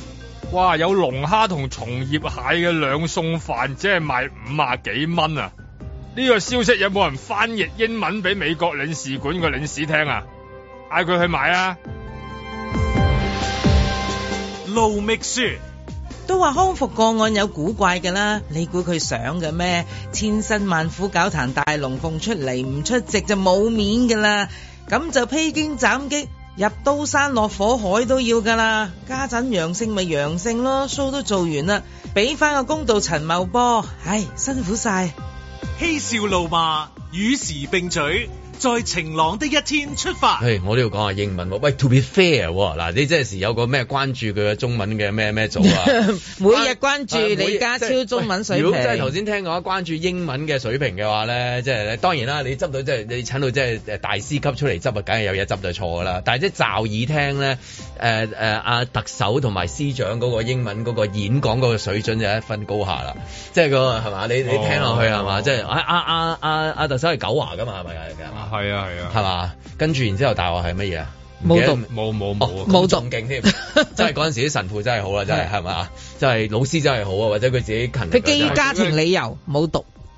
哇，有龍蝦同松葉蟹嘅兩餸飯，即係賣五啊幾蚊啊！呢、這個消息有冇人翻譯英文俾美國領事館個領事聽啊？嗌佢去買啊！盧覓雪都話康復個案有古怪噶啦，你估佢想嘅咩？千辛萬苦搞壇大龍鳳出嚟，唔出席就冇面噶啦，咁就披荊斬棘入刀山落火海都要噶啦。家陣陽性咪陽性咯，show 都做完啦，俾翻個公道陳茂波，唉，辛苦晒。嬉笑怒罵，與時並舉。在晴朗的一天出發。係、hey，我都要講下英文喎。喂，to be fair，嗱，你即係時有個咩關注佢嘅中文嘅咩咩組啊？ 每日關注李家超中文水平。啊、即係頭先聽講關注英文嘅水平嘅話咧，即係咧，當然啦，你執到即係你請到即係大師級出嚟執啊，梗係有嘢執就錯噶啦。但係即係罩耳聽咧，誒誒阿特首同埋司長嗰個英文嗰個演講嗰個水準就一分高下啦。即係、嗰個係嘛？你你聽落去係嘛？是 oh。即係阿阿阿阿特首係九華㗎嘛？係咪啊？係啊係啊，係嘛？啊啊？跟住然之後，大學係乜嘢啊？冇讀冇冇冇冇讀唔勁添，即係嗰陣時啲神父真係好啦，真係係嘛？即 係老師真係好啊，或者佢自己勤力。佢基於家庭理由冇讀。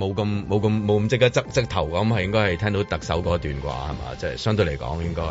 冇咁冇咁冇咁即刻側側頭咁，係應該係聽到特首嗰段啩係嘛？即係相對嚟講應該，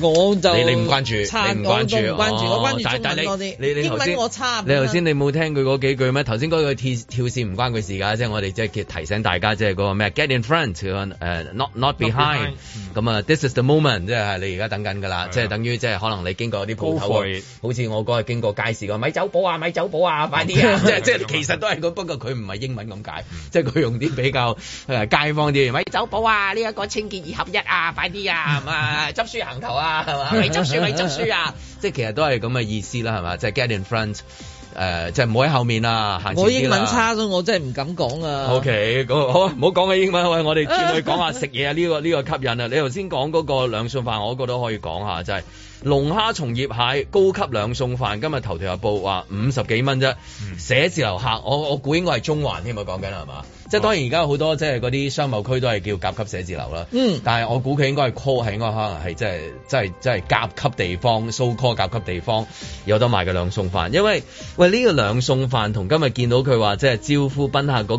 我就你你唔關注，你唔關注，我關注多啲、哦哦。英文我差。你頭先、嗯、你冇聽佢嗰幾句咩？頭先嗰個跳跳線唔關佢事㗎，即係我哋即係叫提醒大家，即係嗰個咩？Get in front，誒、uh, not not behind, not behind、嗯。咁啊，this is the moment，即係你而家等緊㗎啦，即係等於即係可能你經過啲鋪頭，好似我嗰日經過街市個咪走寶啊，咪走寶啊，快啲啊！ 即即係其實都係 不過佢唔係英文咁解， 即係佢用啲。比較、嗯、街坊啲，喂，走寶啊！呢、這、一個清潔二合一啊，快啲啊，啊 執書行頭啊，係咪？咪執書，咪執書啊！ 即係其實都係咁嘅意思啦，係嘛？即、就、係、是、get in front，誒、呃，即係唔好喺後面啦。我英文差咗，我真係唔敢講啊。OK，好，唔好講嘅英文喂，我哋轉去講下食嘢啊！呢、 這個呢、這個吸引啊！你頭先講嗰個兩餸飯，我覺得可以講下，就係、是、龍蝦松葉蟹高級兩餸飯，今日頭條有報話五十幾蚊啫，寫字樓客，我我估應該係中環添啊，講緊啦，係嘛？即係當然而家好多即係啲商貿區都係叫甲級寫字樓啦，嗯，但係我估佢應該係 call 係應該可能係即係即係即係甲級地方 so call 甲級地方有得賣嘅兩送飯，因為喂，呢、這個兩送飯同今日見到佢話即係招呼賓客個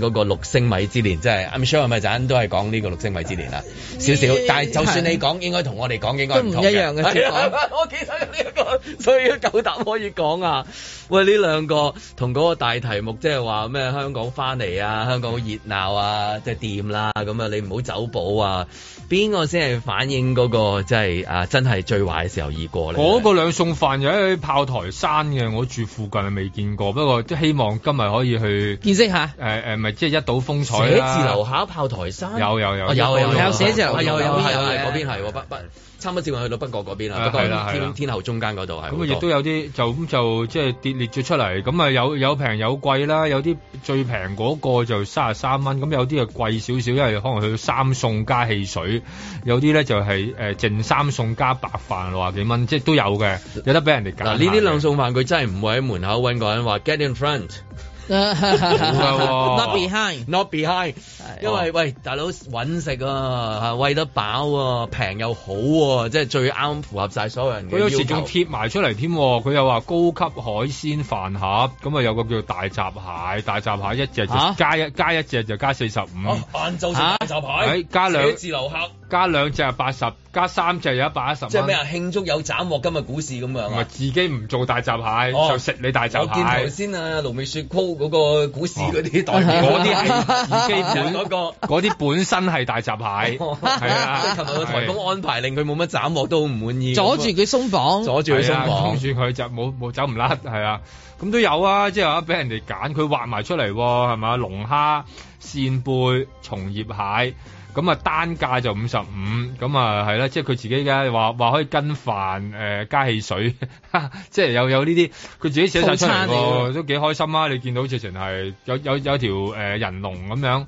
科個六星米之年即係 i'm sure 係咪陣都係講呢個六星米之年啊少少，但係就算你講應該同我哋講應該唔同一樣嘅、啊啊、 我記得呢一個所以夠膽可以講啊喂，呢兩個同那個大題目即係話咩香港返嚟啊啊！香港好熱鬧啊，即係掂啦，咁啊，你唔好走寶啊！邊個先係反映嗰、那個即係、就是、啊，真係最壞嘅時候已過嚟。嗰個兩餸飯就喺、欸、炮台山嘅，我住附近未見過，不過都希望今日可以去見識下。誒、呃、誒，咪即係一睹風采。寫字樓下炮台山，有有有有、嗯、有，有，有、嗯，寫字樓、嗯嗯、有有有有嗰邊係北差唔多接近去到北角嗰邊啦。係啦係啦，天后中間嗰度係。咁亦都有啲就咁就即係跌裂咗出嚟，咁啊有有平有貴啦，有啲最平嗰個。我就三十三蚊，咁有啲係貴少少，因為可能去到三餸加汽水，有啲咧就係誒淨三餸加白飯，六啊幾蚊，即係都有嘅，有得俾人哋揀。嗱，呢啲兩餸飯，佢真係唔會喺門口揾個人話 get in front。Not be high，not be high，因為喂大佬揾食啊，喂得飽啊，平又好啊，即係最啱符合晒所有人嘅。佢有時仲貼埋出嚟添，佢又話高級海鮮飯盒，咁啊有個叫大閘蟹，大閘蟹一隻就加一、啊、加一隻就加四十五。晏晝食大閘蟹，寫字樓客。啊加兩隻係八十，加三隻有一百一十。即係咩啊？慶祝有斬獲今日股市咁啊！唔係自己唔做大閘蟹，蟹，就、哦、食你大閘蟹，蟹。頭先啊，盧美雪 call 嗰個股市嗰啲代表，嗰啲係自己本嗰、 那個，嗰啲本身係大閘蟹，蟹，係 啊。日、啊、台風安排令佢冇乜斬獲都唔滿意，阻住佢鬆綁，阻住佢鬆綁，住佢就冇冇走唔甩，係啊。咁、啊、都有啊，即係話俾人哋揀，佢畫埋出嚟係咪？龍蝦、扇貝、松葉蟹。咁啊單價就五十五，咁啊係啦，即係佢自己而家話可以跟飯誒、呃、加汽水，即係又有呢啲，佢自己寫曬出嚟都幾開心啊！你見到直情係有有有條誒、呃、人龍咁樣，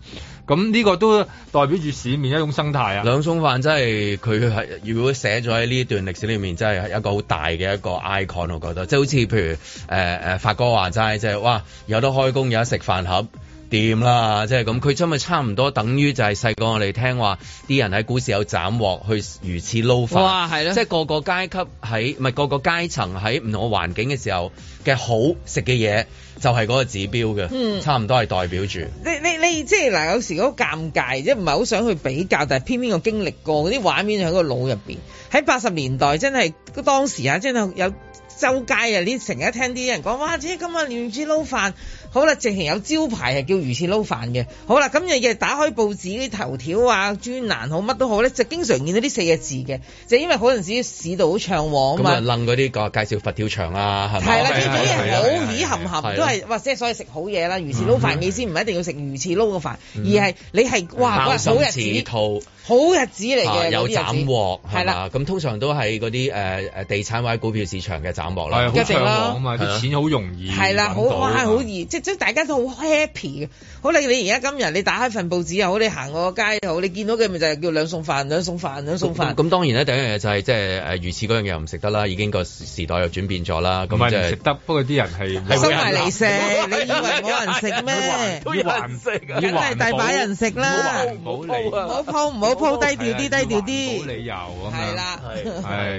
咁呢個都代表住市面一種生態啊！兩餸飯真係佢係如果寫咗喺呢段歷史裏面，真係一個好大嘅一個 icon，我覺得，即係好似譬如誒誒發哥話齋，即、呃、係、就係、哇有得開工有得食飯盒。掂啦，即係咁。佢真係差唔多，等於就係細個我哋聽話，啲人喺股市有斬獲，去魚翅撈飯。哇，係咯，即係個個階級喺唔係個個階層喺唔同嘅環境嘅時候嘅好食嘅嘢，就係、是、嗰個指標嘅、嗯，差唔多係代表住。你你你即係嗱，有時好尷尬，即係唔係好想去比較，但係偏偏我經歷過嗰啲畫面喺個腦入面，喺八十年代真係當時啊，真係有。周街啊！你成日聽啲人講哇，姐今日魚翅撈飯，好啦，直情有招牌係叫魚翅撈飯嘅。好啦，咁日日打開報紙啲頭條啊、專欄好乜都好咧，就經常見到啲四個字嘅，就因為嗰陣時市道好暢旺咁啊，掹嗰啲個介紹佛跳牆啊，係嘛？係啦，最主要係好耳含含，都係哇！即係所以食好嘢啦，魚翅撈飯嘅意思唔係一定要食魚翅撈個飯，嗯、而係你係哇，那個、好日子，好日子嚟嘅、啊，有斬獲係啦。咁通常都係嗰啲誒誒地產或者股票市場嘅斬幕、哎、啦，好暢旺啊嘛！啲、啊、錢好容，啊啊啊、容易，係啦，好哇，好易，即即大家都 happy，好 happy 嘅。好你你而家今日你打開份報紙又好，你行過個街又好，你見到嘅咪就係叫兩餸飯、兩餸飯、兩餸飯。咁當然咧，第一樣嘢就係即誒魚翅嗰樣嘢唔食得啦，已經個時代又轉變咗啦。咁就食、是、得，不過啲人係收埋嚟食，你以為冇人食咩？ 都人要還食，依啲係大把人食啦。唔好鋪、鋪，唔好鋪、啊鋪、鋪啊，低調啲、啊，低調啲。冇理由啊係啦，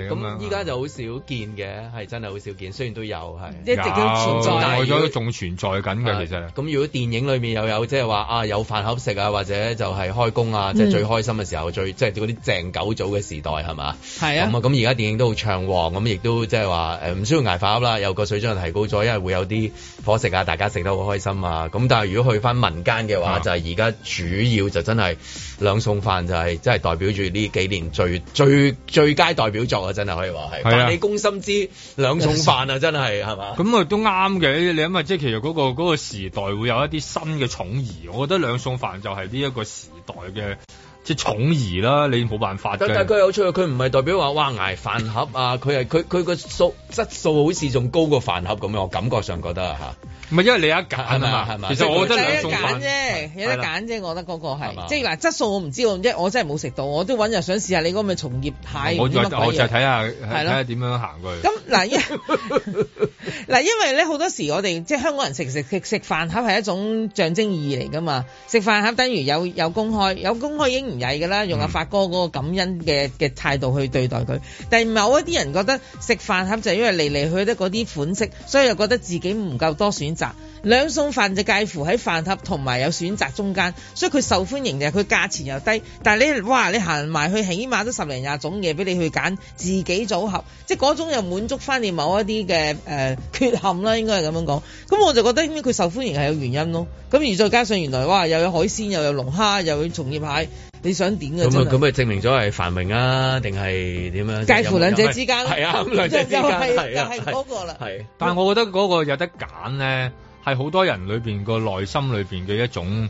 咁依家就好少見嘅，係真係好少見，雖然都有係一直都存在，都仲存在緊嘅，其實。咁如果電影裏面又有即係話啊，有飯盒食啊，或者就係開工啊，即、嗯、係、即係、最開心嘅時候，最即係嗰啲正九早嘅時代係嘛？係啊。咁、嗯、啊，咁而家電影都好暢旺，咁亦都即係話唔需要挨飯粒啦，有個水準提高咗，因為會有啲伙食啊，大家食得好開心啊。咁但係如果去翻民間嘅話，啊、就係而家主要就真係兩餸飯就係真係代表住呢幾年最、啊、最最佳代表作啊！真係可以話係。啊、公心之兩餸飯啊，真係係嘛？咁啊都啱嘅，你諗下，即係其實嗰、那個嗰、那個時代會有一啲新嘅寵兒，我覺得兩餸飯就係呢一個時代嘅即係寵兒啦，你冇辦法。但但佢有趣，佢唔係代表話哇捱飯盒啊，佢係佢佢個素質素好似仲高過飯盒咁樣，我感覺上覺得啊吓。唔係因為你有得揀啊嘛，係咪？其實我真係有得揀啫，有得揀啫，我覺得嗰個係，即係嗱質素我唔知喎，即係我真係冇食到，我都揾日想試下你嗰個從業態。我再睇下，睇下點樣行過去。咁嗱因嗱因為咧好 多時我哋即係香港人食食食食飯盒係一種象徵意義嚟㗎嘛，食飯盒等如有有公開有公開已經唔係㗎啦，用阿發哥嗰個感恩嘅嘅態度去對待佢，嗯，但係某一啲人覺得食飯盒就係因為嚟嚟去去嗰啲款式，所以又覺得自己唔夠多選擇。兩餸飯就介乎喺飯盒同埋有選擇中間，所以佢受歡迎嘅。佢價錢又低，但係你哇，你行埋去起碼都十零廿種嘢俾你去揀自己組合，即係嗰種又滿足翻你某一啲嘅誒缺陷啦，應該係咁樣講。咁我就覺得因為佢受歡迎係有原因咯。咁而再加上原來哇，又有海鮮又有龍蝦又有松葉蟹。你想點啊？咁啊，咁咪證明咗係繁榮啊，定係點樣介乎兩者之間咯？係、 就係就係、啊，兩者之間，係嗰個啦。係，但係我覺得嗰個有得揀咧，係好多人裏邊個內心裏邊嘅一種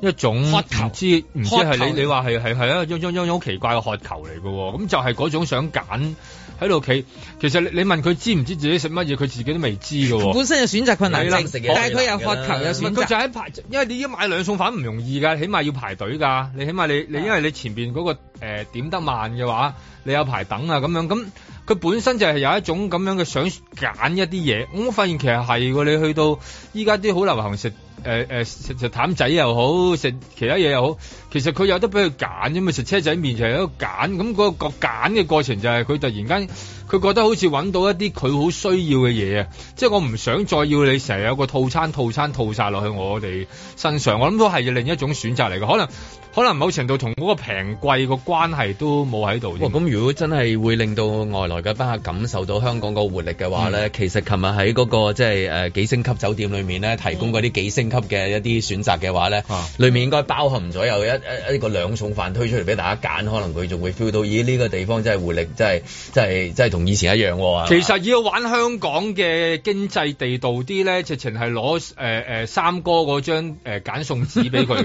一種，唔知唔知係你你話係係係啊，樣好奇怪嘅渴求嚟嘅。咁就係嗰種想揀。喺度企，其實你問問佢知唔知自己食乜嘢，佢自己都未知嘅喎。 本身有選擇困難症，但係佢又發求又選擇。佢就喺排，因為你而家買兩餸飯唔容易㗎，你起碼要排隊㗎。你起碼你你因為你前面嗰個、呃、點得慢嘅話，你有排等啊咁樣。咁佢本身就係有一種咁樣嘅想揀一啲嘢。我發現其實係喎，你去到依家啲好流行食。誒、呃、誒，食食淡仔又好食其他嘢又好，其實佢有得俾佢揀啫嘛，食車仔麵前有一個揀，咁嗰個揀嘅過程就係佢突然間。佢覺得好似揾到一啲佢好需要嘅嘢啊！即係我唔想再要你成日有個套餐、套餐套晒落去我哋身上。我諗都係另一種選擇嚟嘅，可能可能某程度同嗰個平貴個關係都冇喺度。咁、哦、如果真係會令到外來嘅賓客感受到香港個活力嘅話咧、嗯，其實琴日喺嗰個即係、就是呃、幾星級酒店裏面咧，提供嗰啲幾星級嘅一啲選擇嘅話咧，裏、嗯、面應該包含咗有一一一個兩餸飯推出嚟俾大家揀，可能佢仲會 feel 到咦呢、這個地方真係活力，真係真係真係同。同以前一樣喎。其實要玩香港嘅經濟地道啲咧，直情係攞誒三哥嗰張誒揀餸紙俾佢。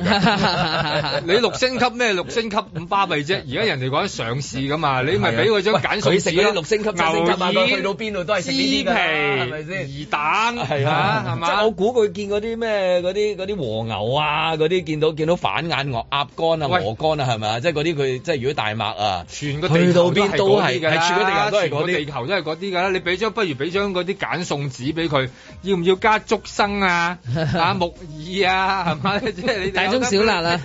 你六星級咩？六星級咁巴閉啫。而家人哋講緊上市噶嘛，你咪俾佢張揀餸紙咧。六星級、五星級，去到邊度都係食呢啲係咪先？皮魚蛋係啊，係嘛？啊？啊、即係我估佢見嗰啲咩嗰啲嗰啲和牛啊，嗰啲見到見到反眼鵝、鴨肝啊、鵝肝啊，係咪啊？即係嗰啲佢即係如果大麥啊，全個地頭係嗰啲㗎啦。地球都係嗰啲噶啦，你俾張不如俾張嗰啲揀餸紙俾佢，要唔要加竹笙啊、啊木耳啊，係咪？即 係 你大中小辣啊，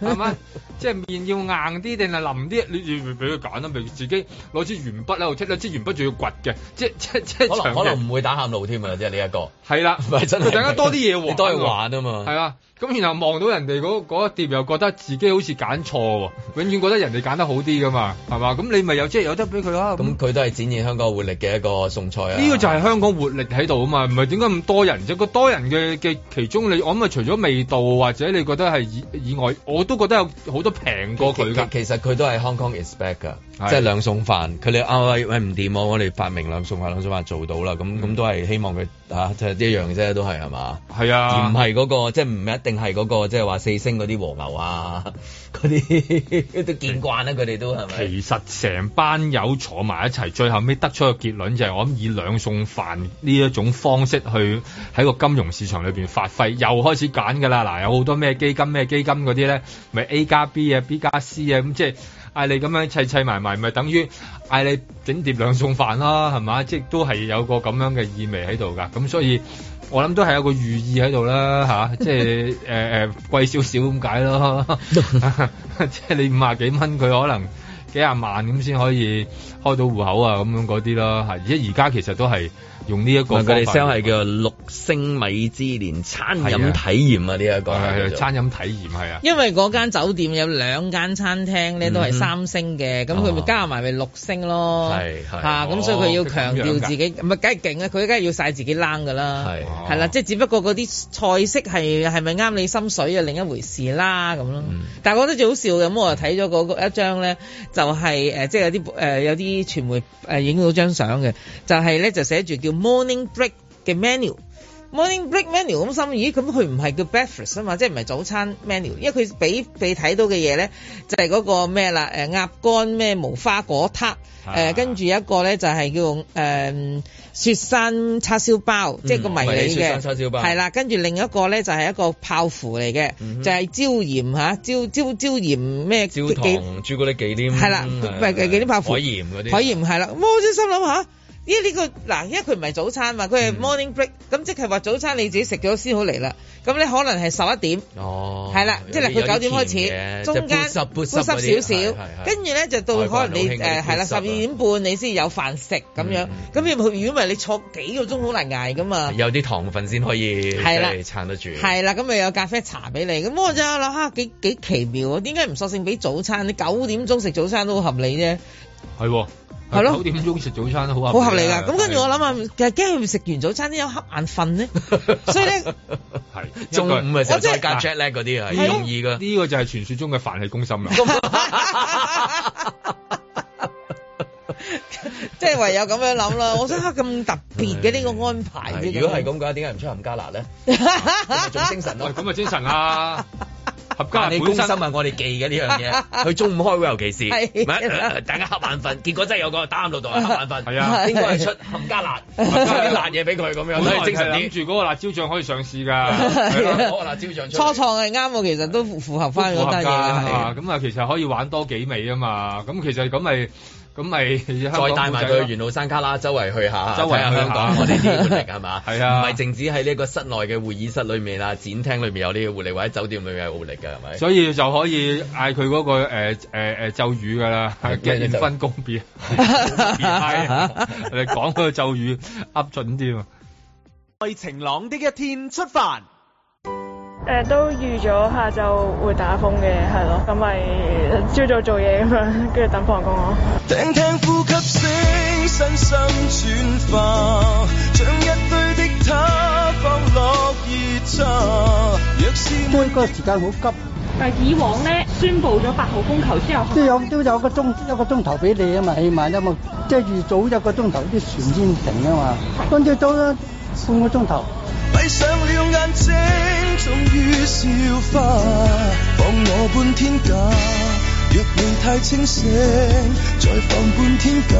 係咪？即 係麵要硬啲定係腍啲，你要俾佢揀啊？咪自己攞支鉛筆喺度剔啦，支鉛筆仲要掘嘅，即即即可能可能唔會打喊路添啊！即係呢一個係啦，係 真係大家多啲嘢喎，你多嘢玩啊嘛，係啊。咁然後望到人哋嗰個一碟，又覺得自己好似揀錯喎，永遠覺得人哋揀得好啲噶嘛，係嘛？咁你咪有即係、就是、有得俾佢啦。咁佢都係展現香港活力嘅一個餸菜啊！呢、這個就係香港活力喺度啊嘛，唔係點解咁多人啫？個多人嘅嘅其中你，你我咁啊，除咗味道或者你覺得係以以外，我都覺得有好多平過佢噶。其實佢都係 Hong Kong is back 噶，即係兩餸飯。佢、就、哋、是、啊喂喂唔掂喎，我哋發明兩餸飯兩餸飯做到啦。咁咁、嗯、都係希望佢啊，即係一樣啫，都係係嘛？係啊，唔係嗰個即係唔一。定係嗰個即係話四星嗰啲和牛啊，嗰啲 都見慣啦，佢哋都係咪？其實成班友坐埋一齊，最後尾得出個結論就係、是、我諗以兩餸飯呢一種方式去喺個金融市場裏邊發揮，又開始揀噶啦。嗱，有好多咩基金咩基金嗰啲咧，咪、就是、A 加 B 啊，B 加 C 啊，咁即係嗌你咁樣砌砌埋埋，咪等於嗌你整碟兩餸飯咯，係咪？即係都係有個咁樣嘅意味喺度噶。咁所以。我諗都係有個寓意喺度啦，吓、啊，即係誒誒貴少少咁解咯，即係你五廿幾蚊佢可能幾廿萬咁先可以開到戶口啊，咁樣嗰啲啦，吓，而而家其實都係。用呢一個，佢哋 sell 係叫六星米芝蓮餐飲體驗啊！呢一個，餐飲體驗係啊。因為嗰間酒店有兩間餐廳咧，都係三星嘅，咁佢咪加埋咪六星咯。係係，嚇咁所以佢要強調自己，唔係梗係勁啦！佢梗係要曬自己躝噶啦，係啦，即係只不過嗰啲菜式係係咪啱你心水啊，另一回事啦咁咯。但係我覺得最好笑嘅，咁我又睇咗嗰一張咧，就係誒，即係有啲誒有啲傳媒誒影到張相嘅，就係咧就寫住叫。Morning break 嘅 menu，Morning break menu 咁心，咦，咁佢唔係叫 breakfast 啊嘛，即係唔係早餐 menu，因為佢俾你睇到嘅嘢咧就係、是、嗰個咩啦，誒鴨肝咩無花果撻，誒跟住一個咧就係叫誒、呃、雪山叉燒包，嗯、即係個迷你嘅叉燒包，係啦，跟住另一個咧就係一個泡芙嚟嘅、嗯，就係、是、椒鹽吓、啊、椒椒椒鹽咩焦糖朱古力忌廉，係啦，唔係忌廉泡芙，海鹽啲，海鹽係啦，我先心諗下。咦？呢個嗱，因為佢唔係早餐嘛，佢係 morning break，咁、嗯、即係話早餐你自己食咗先好嚟啦。咁你可能係十一點，哦，係啦，即係佢九點開始，中間補濕濕少少，跟住咧就到可能你誒係啦十二點半你先有飯食咁樣。咁如果如果唔係你坐幾個鐘好難捱噶嘛。有啲糖分先可以係啦撐得住。係啦，咁咪有咖啡茶俾你。咁我就諗、是、下、啊、幾幾奇妙啊！點解唔索性俾早餐？你九點鐘食早餐都好合理啫。係、嗯。係咯，九點鐘食早餐都好啊，好合理噶。咁跟住我諗下，其實驚佢食完早餐啲有瞌眼瞓咧。呢 所以咧，係 中午嘅啊，再加 jetlag 嗰啲啊，就是、容易噶。呢、這個就係傳說中嘅飯氣攻心啦。 即係唯有咁樣諗啦，我想刻咁特別嘅呢個安排。 如果係咁嘅，點解唔出含加辣咧？做、 啊、精神咯，咁 啊精神啊！合家本身你公心啊，我哋記嘅呢樣嘢，佢中午開會有，尤 其是，啊係呃，大家瞌眼瞓，結果真係有個打暗路度瞌眼瞓， 係啊、應該係出冚家辣，出啲辣嘢俾佢咁樣。咁你正常點住嗰個辣椒醬可以上市㗎，好 啊！啊嗰個辣椒醬初創係啱喎，其實都符合翻嗰單嘢。咁啊，啊，啊，其實可以玩多幾味啊嘛，咁其實咁咪、就是。咁咪再帶埋佢去元老山卡啦，周圍去下，周圍香港我哋啲活力係嘛？係 啊，唔係淨止喺呢個室內嘅會議室裏面啊，展廳裏面有呢個活力，或者酒店裏面有活力㗎係咪？所以就可以嗌佢嗰個誒誒、呃呃、咒語㗎啦，結婚公佈係啊，你 講嗰個咒語噏準啲啊！ 為晴朗的一天出發。誒，都預咗下晝會打風嘅。係咯，咁咪朝早做嘢咁樣，跟住等放工咯。聽聽呼吸聲，身心轉化，將一堆的他放落熱茶。若是每，冇幾時間好急。但係以往咧，宣布咗八號風球之後，都有都有個鐘一個鐘頭俾你啊嘛，起碼都冇，即係預早一個鐘頭啲船先停啊嘛，跟住都得半個鐘頭。了眼睛終於放我半天假，若你太清醒，再放半天假。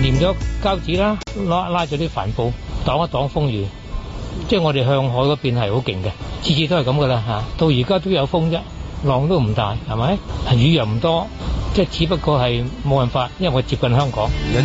黏咗膠紙啦，拉拉咗啲帆布擋一擋風雨。即係我哋向海嗰邊係好勁嘅，次次都係咁噶啦吓。到而家都有風啫，浪都唔大，係咪？雨又唔多，即係只不過係冇辦法，因為我接近香港。人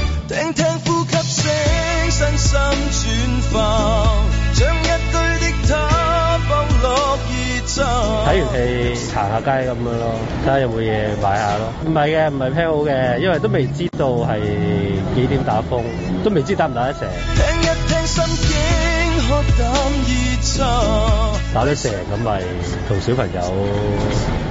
聽，聽呼吸聲，身心轉化，將一句「的他」放落熱酒。睇完戲，行下街咁樣囉，睇下有冇嘢買下囉。唔係嘅，唔係排好嘅，因為都未知道係幾點打風，都未知打唔打得成。聽一聽心境，喝啖熱酒，打得成咁咪，同小朋友。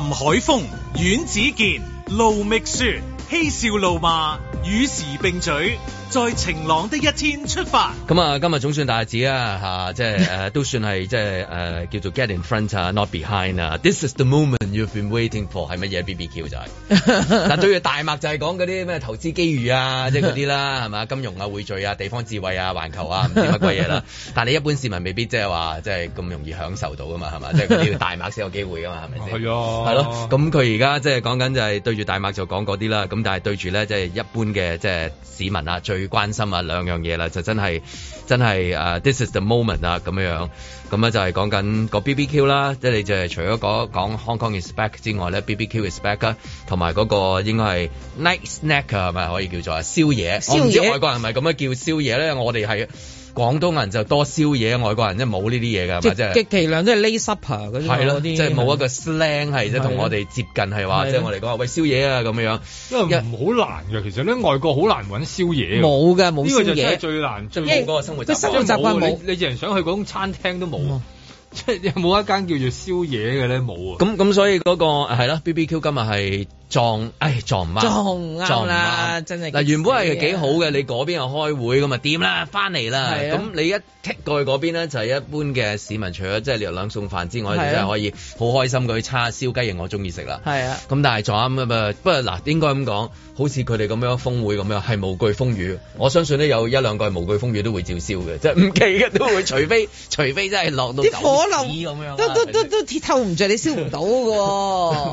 林海峰、阮子健、盧覓雪嬉笑怒罵，與時並舉。在晴朗的一天出發。咁啊，今日總算大日子啦，嚇、啊！即係誒、啊，都算係即係誒，叫做 Get in front not behind 啊。 This is the moment you've been waiting for 係乜嘢 BBQ 就係、是。 但對住大麥就係講嗰啲咩投資機遇啊， 即係嗰啲啦，係嘛？金融啊、匯聚啊、地方智慧啊、環球啊，唔知乜鬼嘢啦。 但你一般市民未必即係話即係咁容易享受到噶嘛，係嘛？ 即係嗰啲大麥先有機會噶嘛，係咪先？係啊。係咯。咁佢而家即係講緊就係對住大麥就講嗰啲啦。咁但係對住咧即係一般嘅即係市民啊最關心啊，兩樣嘢啦，就真係真係誒、uh,，this is the moment 啊咁樣樣咁啊，就係講緊個 BBQ 啦，即係你就係除咗講、那個、Hong Kong is back 之外咧，BBQ is back 啊，同埋嗰個應該係 night snack 啊，係咪可以叫做啊宵、宵夜，我唔知外國人係咪咁樣叫宵夜咧，我哋係。廣東人就多宵夜，外國人即係冇呢啲嘢㗎，或即係極其量都係 late supper 嗰啲，即係冇、就是、一個 slang 係即係同我哋接近係話，即係、就是、我哋講話喂宵夜呀、啊、咁樣。因為唔好難㗎。其實呢，外國好難搵宵、宵夜。冇㗎，冇宵夜。呢個就真係最難、最冇嗰個生活習慣。欸那個、習慣即你你自然想去嗰種餐廳都冇、嗯，即係有冇一間叫做宵夜嘅呢？冇啊。咁咁所以嗰、那個係啦、啊、BBQ 今日係。撞，唉，撞唔啱，撞唔啱啦！真係嗱，原本係幾好嘅、啊，你嗰邊又開會咁啊，點啦，翻嚟啦。咁你一踢過去嗰邊咧，就係、是、一般嘅市民，除咗即係兩餸飯之外，真係、啊、可以好開心嗰啲叉燒雞翼，我中意食啦。係啊，咁但係撞啱吖嘛？不過嗱，應該咁講，好似佢哋咁樣峰會咁樣，係無懼風雨、嗯。我相信咧，有一兩個係無懼風雨都會照燒嘅，即係唔忌嘅都會，除非 除非真係落到啲火龍咁樣，都都都都鐵透唔着，你燒唔到嘅。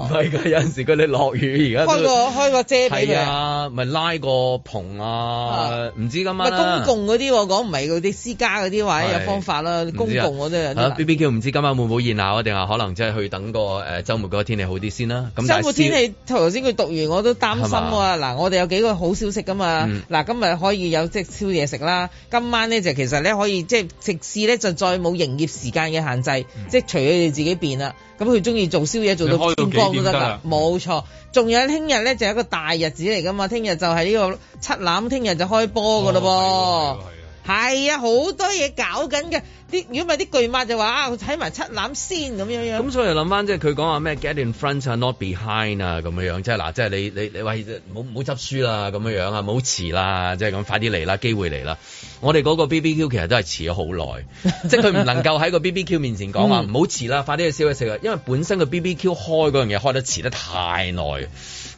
唔係噶，有陣時佢哋落雨。開個開個遮俾啊，咪拉個棚啊！唔、啊、知今晚公共嗰啲講唔係佢啲私家嗰啲位有方法啦。公共啲真係，B B Q 唔知、啊、知今晚會唔會熱鬧啊？定係可能即係去等個誒、呃、週末嗰個天氣好啲先啦。咁週末天氣頭先佢讀完我都擔心喎、啊。嗱，我哋有幾個好消息㗎嘛。嗱、嗯，今日可以有即係燒嘢食啦。今晚咧就其實咧可以即係食肆咧就再冇營業時間嘅限制，嗯、即係除咗你哋自己變啦。咁佢中意做宵夜做到天光到都得啦、啊，冇、嗯、錯。仲有聽日咧，就係一個大日子嚟噶嘛！聽日就係呢個七欖，聽日就開波噶咯噃，係、哦、啊，好多嘢搞緊嘅。啲如果唔係啲巨擘就話啊，睇埋七攬先咁樣樣。咁所以諗翻即係佢講話咩？Get in front 啊，not behind 啊咁樣樣，即係嗱，即係你你你喂，唔好唔好執輸啦咁樣樣啊，唔好遲啦，即係咁快啲嚟啦，機會嚟啦。我哋嗰個 BBQ 其實都係遲咗好耐，即係佢唔能夠喺個 BBQ 面前講話唔好遲啦，快啲去燒一食啦，因為本身個 BBQ 開嗰樣嘢開得遲得太耐。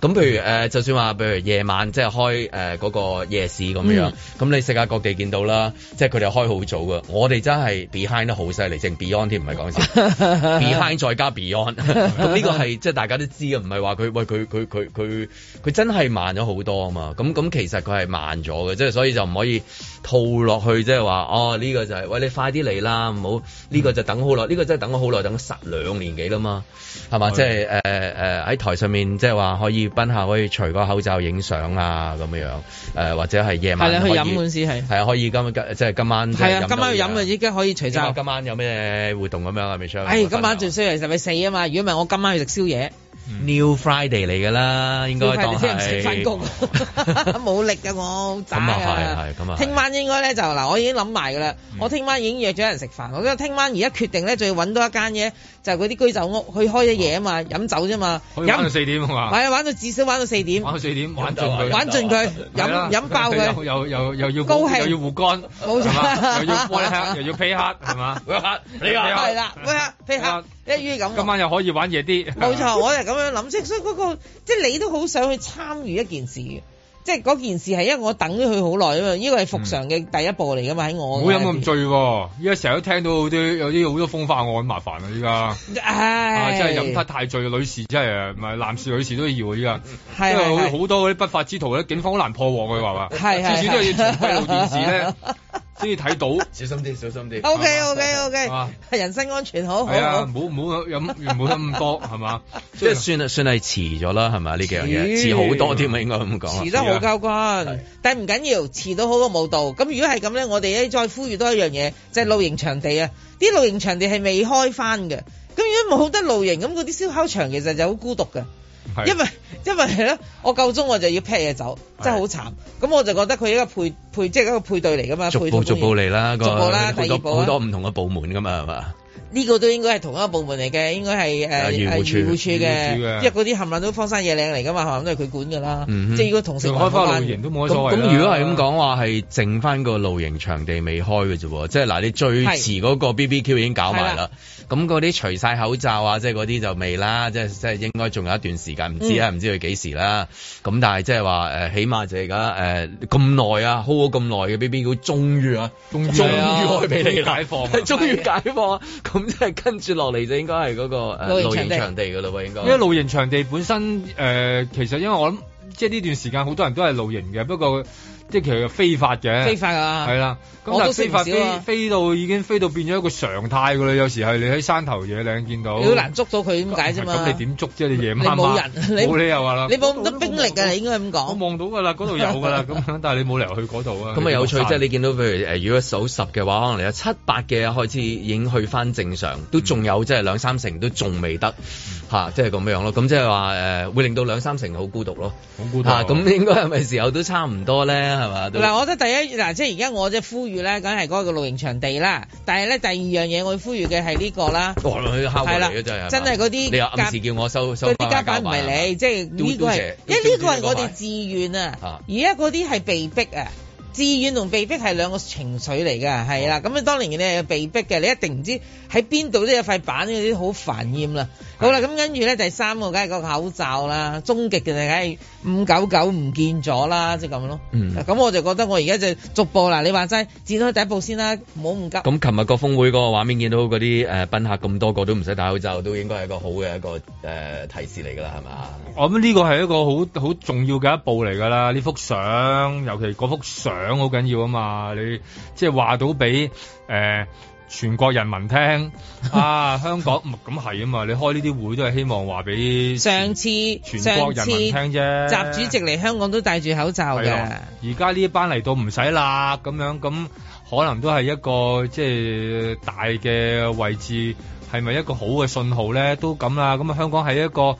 咁譬如誒，就算話譬如夜晚即係開誒嗰個夜市咁樣樣，咁你世界各地見到啦，即係佢哋開好早㗎，我哋真係 Behind 得好犀利，正 Beyond 添，唔係講笑。 Behind 再加 Beyond，咁 呢 個係即係大家都知嘅，唔係話佢喂佢佢佢佢佢真係慢咗好多啊嘛！咁咁其實佢係慢咗嘅，即係所以就唔可以套落去，即係話哦呢、這個就係、是、喂你快啲嚟啦，唔好呢個就等好耐，呢、這個真係等咗好耐，等咗十兩年幾啦嘛，係嘛、就是呃呃？即係喺台上面即係話可以賓客可以除個口罩影相啊咁樣樣、呃，或者係夜晚係去飲滿士氣，係啊，可以今即係今晚是是，係啊，今晚飲啊，已經可以。除咗今晚有咩活動咁樣啊 Michelle？哎今晚最衰係十四啊嘛，如果唔係我今晚去食宵夜。嗯、New Friday 嚟㗎啦，應該係當係。翻工，冇、哦、 力㗎我，真係。咁啊，係咁啊。聽晚應該咧就嗱，我已經諗埋㗎啦。我、嗯、聽晚已經約咗人食飯，我覺得聽晚而家決定咧，就要揾多一間嘢。就嗰、是、啲居酒屋，去開咗嘢啊嘛，飲酒啫嘛，玩到四點啊嘛，係啊，玩到至少玩到四點，玩到四點玩盡佢，玩盡佢，飲飲爆佢，又又又要高興，又要護肝，冇錯，又要潑黑，又要啤黑， 係嘛，威黑，你啊，係啦，威黑，啤黑，一於咁，今晚又可以玩夜啲，冇 錯，我就咁樣諗，即所以嗰、那個、即、就、係、是、你都好想去參與一件事即係嗰件事係因為我等咗佢好耐啊嘛，呢個係復常嘅第一步嚟噶嘛，喺我、嗯。唔好飲咁醉喎、啊！依家成日都聽到好有啲有啲好多風化案，麻煩啦依家。係。啊！真係飲得太醉，女士真係啊，唔係男士女士都要依家。係因為好多嗰啲不法之徒咧，警方好難破獲佢，話：「係嘛？係係。至少都要閉路電視咧。 先睇到 小，小心啲，小心啲。OK，OK，OK，、okay, okay、 人身安全好，好、哎。好。好 啊，唔好唔好飲唔好飲咁多，係嘛？即係算係算係遲咗啦，係咪？呢幾樣嘢遲好多添啊，應該咁講。遲得好交關，但係唔緊要，遲到好過冇到。咁如果係咁咧，我哋咧再呼籲多一樣嘢，就係、露營場地啊！啲露營場地係未開翻嘅，咁如果冇得露營，咁嗰啲燒烤場其實就好孤獨嘅。因為因為係咯，我夠鐘我就要劈嘢走，真係好慘。咁我就覺得佢一個配配即係一個配對嚟㗎嘛，逐步配逐步嚟啦，第二步啦多好多唔同嘅部門㗎嘛，係嘛？呢、這個都應該係同一個部門嚟嘅，應該係誒誒漁護署嘅，因為嗰啲冚唪唥都荒山野嶺嚟㗎嘛，都係佢管㗎啦。嗯、即係、啊、如果同時開翻露營都冇乜所謂。咁如果係咁講話，係剩翻個露營場地未開㗎啫喎。即係嗱、啊，你最遲嗰個 BBQ 已經搞埋啦。咁嗰啲除晒口罩啊，即係嗰啲就未啦。即係即係應該仲有一段時間，唔知啊，唔知佢幾時啦。咁、嗯、但係即係話誒，起碼就係而家誒咁耐啊，hold 咗咁耐嘅 BBQ，終於啊，終於終於可以俾你解放，終於解放。啊。咁即係跟住落嚟就應該係嗰個露營場地噶啦喎，應該因為露營場地本身誒、呃，其實因為我諗即係呢段時間好多人都係露營嘅，不過。即係其實係非法嘅，非法啊，係啦。咁但非法飛飛、啊、飛，飛到已經飛到變咗一個常態㗎啦。有時係你喺山頭野嶺見到，好難捉到佢點解啫嘛？咁你點捉啫？你夜晚冇人，冇理由話 你冇咁多兵力㗎，你應該咁講。我望到㗎啦，嗰度有㗎啦。咁但係你冇理由去嗰度啊。咁 有趣即係、啊嗯、你見到譬如誒，如果數十嘅話，可能你有七八嘅開始已經去翻正常，都仲有、嗯、即係兩三成都仲未得嚇，即係咁樣樣咯。咁即係話誒，會令到兩三成好孤獨咯。好孤獨。咁應該係咪時候都差唔多咧？嗱，我覺得第一，嗱，即係而家我即係呼籲咧，梗係嗰個露營場地啦。但係咧，第二樣嘢我呼籲嘅係呢個啦。我去嘅真係嗰啲。你有暗示叫我收收傢俬唔係你，即係呢個，do, do 因呢個係我哋自願啊。而家嗰啲係被逼啊，自願同被逼係兩個情緒嚟嘅，係啦。咁你當年你係被逼嘅，你一定唔知。喺邊度都有塊板，嗰啲好煩厭啦。好啦，咁跟住咧第三個梗係個口罩啦，終極嘅梗係五九九唔見咗啦，即係咁咯。咁、嗯、我就覺得我而家就逐步啦。你話齋，見到第一步先啦，唔好唔急。咁琴日個峰會嗰個畫面見到嗰啲誒賓客咁多個都唔使戴口罩，都應該係一個好嘅一個誒、呃、提示嚟噶啦，係嘛？我諗呢個係一個好好重要嘅一步嚟噶啦，呢幅相，尤其嗰幅相好緊要啊嘛。你即係話到俾誒。呃全國人民聽 啊！香港咁係啊嘛，你開呢啲會都係希望話俾上次全國人民聽啫。習主席嚟香港都戴住口罩嘅，而家呢一班嚟到唔使啦咁樣，咁可能都係一個即係、就是、大嘅位置，係咪一個好嘅信號咧？都咁啦，咁啊香港係一個誒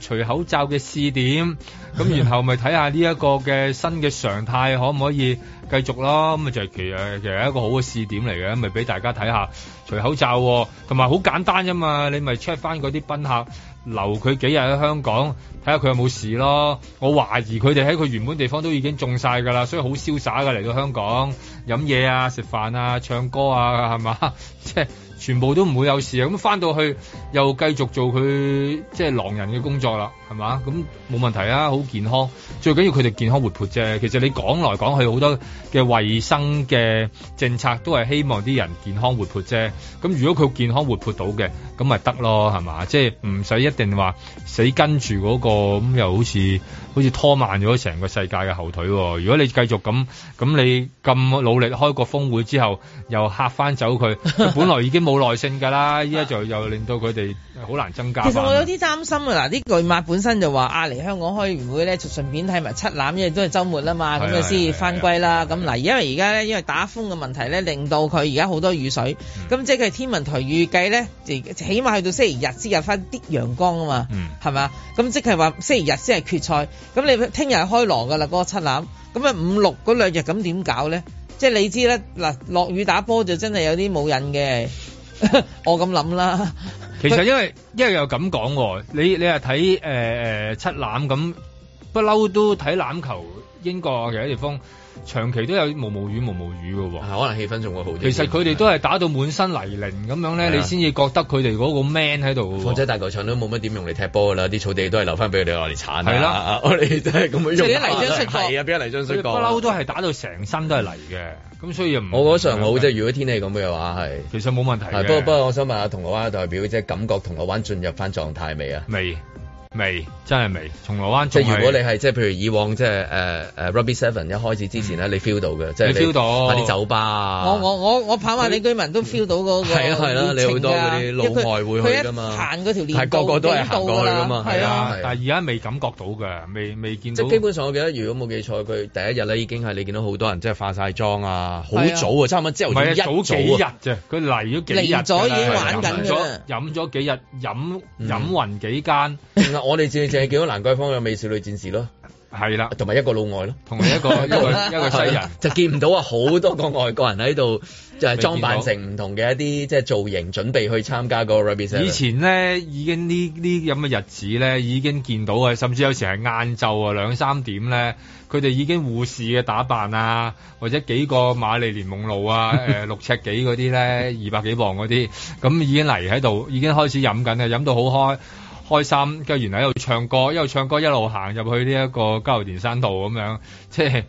除、呃、口罩嘅試點，咁然後咪睇下呢一個嘅新嘅常態可唔可以？繼續咯，咁啊，就其實其實一個好嘅試點嚟嘅，咁咪俾大家睇下，除口罩同埋好簡單啫嘛，你咪 check 翻嗰啲賓客留佢幾日喺香港，睇下佢有冇事咯。我懷疑佢哋喺佢原本地方都已經種晒㗎啦，所以好瀟灑㗎嚟到香港飲嘢啊、食飯啊、唱歌啊，係嘛？即係全部都唔會有事咁，翻到去又繼續做佢即係狼人嘅工作啦。係嘛？咁冇問題啦、啊，好健康。最緊要佢哋健康活潑啫。其實你講來講去，好多嘅衛生嘅政策都係希望啲人健康活潑啫。咁如果佢健康活潑到嘅，咁咪得咯，係嘛？即係唔使一定話死跟住嗰、嗰個，咁又好似好似拖慢咗成個世界嘅後腿、哦。如果你繼續咁，咁你咁努力開個峰會之後，又嚇翻走佢，本來已經冇耐性㗎啦，依 家就又令到佢哋好難增加。其實我有啲擔心啊，嗱，啲巨本。本身就話阿嚟香港開完會咧，就順便睇埋七欖，因為都係周末啦嘛，咁就先至返歸啦。咁嗱、啊啊啊啊啊啊，因為而家咧，因為打風嘅問題咧，令到佢而家好多雨水。咁、嗯、即係佢天文台預計咧，就起碼去到星期日先有返啲陽光啊嘛，係、嗯、嘛？咁即係話星期日先係決賽。咁你聽日開鑼噶、那個、 啦，嗰個七欖。咁啊，五六嗰兩日咁點搞咧？即係你知咧，嗱，落雨打波就真係有啲冇癮嘅。我咁諗啦。其實因為因為又咁講，你你係睇誒誒七欖咁，不嬲都睇欖球。英國啊，其他地方長期都有毛毛雨、毛毛雨嘅喎。可能氣氛仲會好啲。其實佢哋都係打到滿身泥濘咁樣咧，你先至覺得佢哋嗰個 man 喺度嘅喎。大球場都冇乜點用嚟踢波嘅啦，啲草地都係留翻俾佢哋嚟鏟。係啦、啊，我哋都係咁樣用。即係啲泥漿水缸，係啊，邊有泥漿水缸？不嬲都係打到成身都係泥嘅，咁所以唔。我覺得常好即係，如果天氣咁嘅話係。其實冇問題不過不過，不過我想問下銅鑼灣代表，即係感覺銅鑼灣進入翻狀態未啊？未。未真係未，銅鑼灣係即係如果你係即係譬如以往即係誒誒 Ruby Seven 一開始之前咧、嗯，你 feel 到嘅，即係你喺啲酒吧啊，我我我我跑馬地居民都 feel 到嗰個。係啊係啦，你好多嗰啲老外會去㗎嘛，行嗰條連係個個都係行過去㗎嘛係啊。但係而家未感覺到㗎，未未見到。即基本上我記得，如果冇記錯，佢第一日咧已經係你見到好多人即係化晒妝啊，好早啊，啊差唔多朝頭早、啊、早幾日啫，佢嚟咗幾日嚟咗已經玩緊咗，飲咗、啊、幾日飲飲暈幾間、嗯。 我哋只淨係見到蘭桂坊有美少女戰士咯，係啦，同埋一個老外咯，同埋一個一個 一個西壞人， 就見唔到啊！好多個外國人喺度就係裝扮成唔同嘅一啲即係造型，準備去參加個個 Ruby。以前咧已經呢啲咁嘅日子咧，已經見到啊，甚至有時係晏晝啊兩三點咧，佢哋已經護士嘅打扮啊，或者幾個瑪麗蓮夢露啊， 呃、六尺幾嗰啲咧，二百幾磅嗰啲，咁已經嚟喺度，已經開始飲緊啊，飲到好開。開心，跟住然喺度唱歌，一路唱歌一路行入去呢一個交流電山道咁樣，即係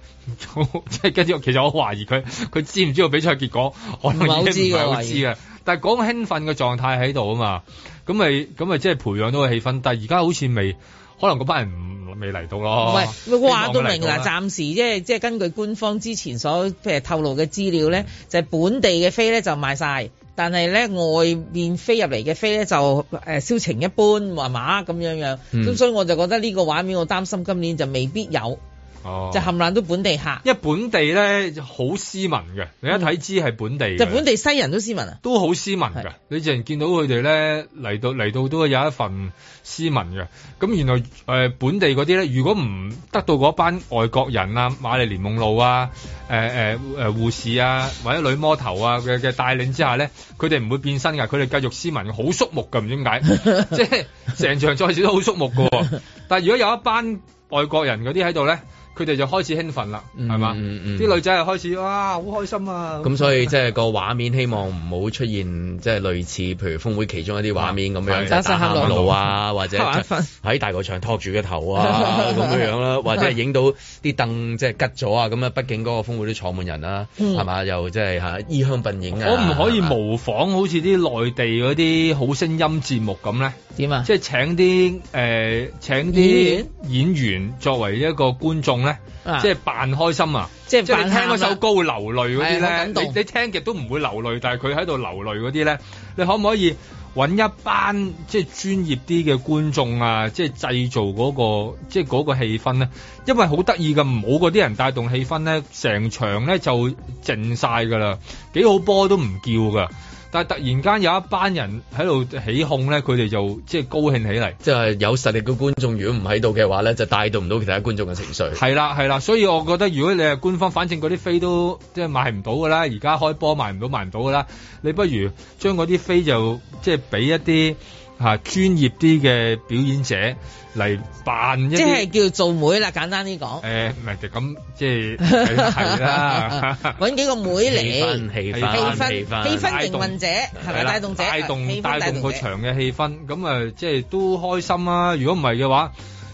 即係跟住，其實我懷疑佢佢知唔知道比賽結果，可能已經唔係好知嘅。但係嗰種興奮嘅狀態喺度啊嘛，咁咪咁咪即係培養到個氣氛。但係而家好似未，可能嗰班人未嚟到咯。唔係，話都明啦，暫時即係即係根據官方之前所譬如透露嘅資料咧、嗯，就係、本地嘅飛咧就賣晒。但係咧，外面飛入嚟嘅飛咧就誒、呃，銷情一般，麻麻咁樣樣，咁、嗯、所以我就覺得呢個畫面我擔心今年就未必有。就冚唪唥都本地客，因為本地咧好斯文嘅，你一睇知係本地。就本地西人都斯文啊？都好斯文嘅，你淨見到佢哋咧嚟到嚟到都會有一份斯文嘅。咁原來、呃、本地嗰啲咧，如果唔得到嗰班外國人啊、瑪麗蓮夢露啊、誒、呃呃、護士啊或者女魔頭啊嘅嘅帶領之下咧，佢哋唔會變身㗎，佢哋繼續斯文，好肅穆㗎，唔知點解，即係成場賽事都好肅穆㗎。 但係如果有一班外國人嗰啲喺度咧。佢哋就開始興奮啦，係、嗯、嘛？啲、嗯嗯、女仔又開始哇，好開心啊！咁所以即係個畫面，希望唔好出現即係、就是、類似，譬如峰會其中一啲畫面咁樣，嗯就是、打下路啊，或者喺大球場托住個頭啊咁樣樣啦，或者影到啲凳即係吉咗啊！咁、嗯、啊，畢、嗯嗯、竟嗰個峰會都坐滿人啦、啊，係、嗯、嘛？又即係吓衣香鬢影啊！我唔可以模仿好似啲內地嗰啲好聲音節目咁咧？點啊？即、就、係、是、請啲誒、呃、請啲演員作為一個觀眾咧？啊、即係扮開心啊！即係聽嗰首歌會流淚嗰啲咧，你你聽極都唔會流淚，但係佢喺度流淚嗰啲咧，你可唔可以揾一班即係專業啲嘅觀眾啊？即係製造嗰個即係嗰個氣氛咧，因為好得意噶，冇嗰啲人帶動氣氛咧，成場咧就靜晒噶啦，幾好波都唔叫噶。但係突然間有一班人喺度起哄咧，佢哋就即係高興起嚟。即係有實力嘅觀眾，如果唔喺度嘅話咧，就帶動唔到其他觀眾嘅情緒。係啦，係啦，所以我覺得如果你係官方，反正嗰啲飛都即係賣唔到㗎啦，而家開波賣唔到賣唔到㗎啦，你不如將嗰啲飛就即係俾一啲。嚇專業啲嘅表演者嚟扮一啲，即係叫做做妹啦，簡單啲講。誒，咪就咁，即係係啦，揾幾個妹嚟扮氣氛，氣氛，氣氛，氣氛營運者係咪帶動者？帶動帶動個場嘅氣氛，咁啊，即係都開心啦。如果唔係嘅話。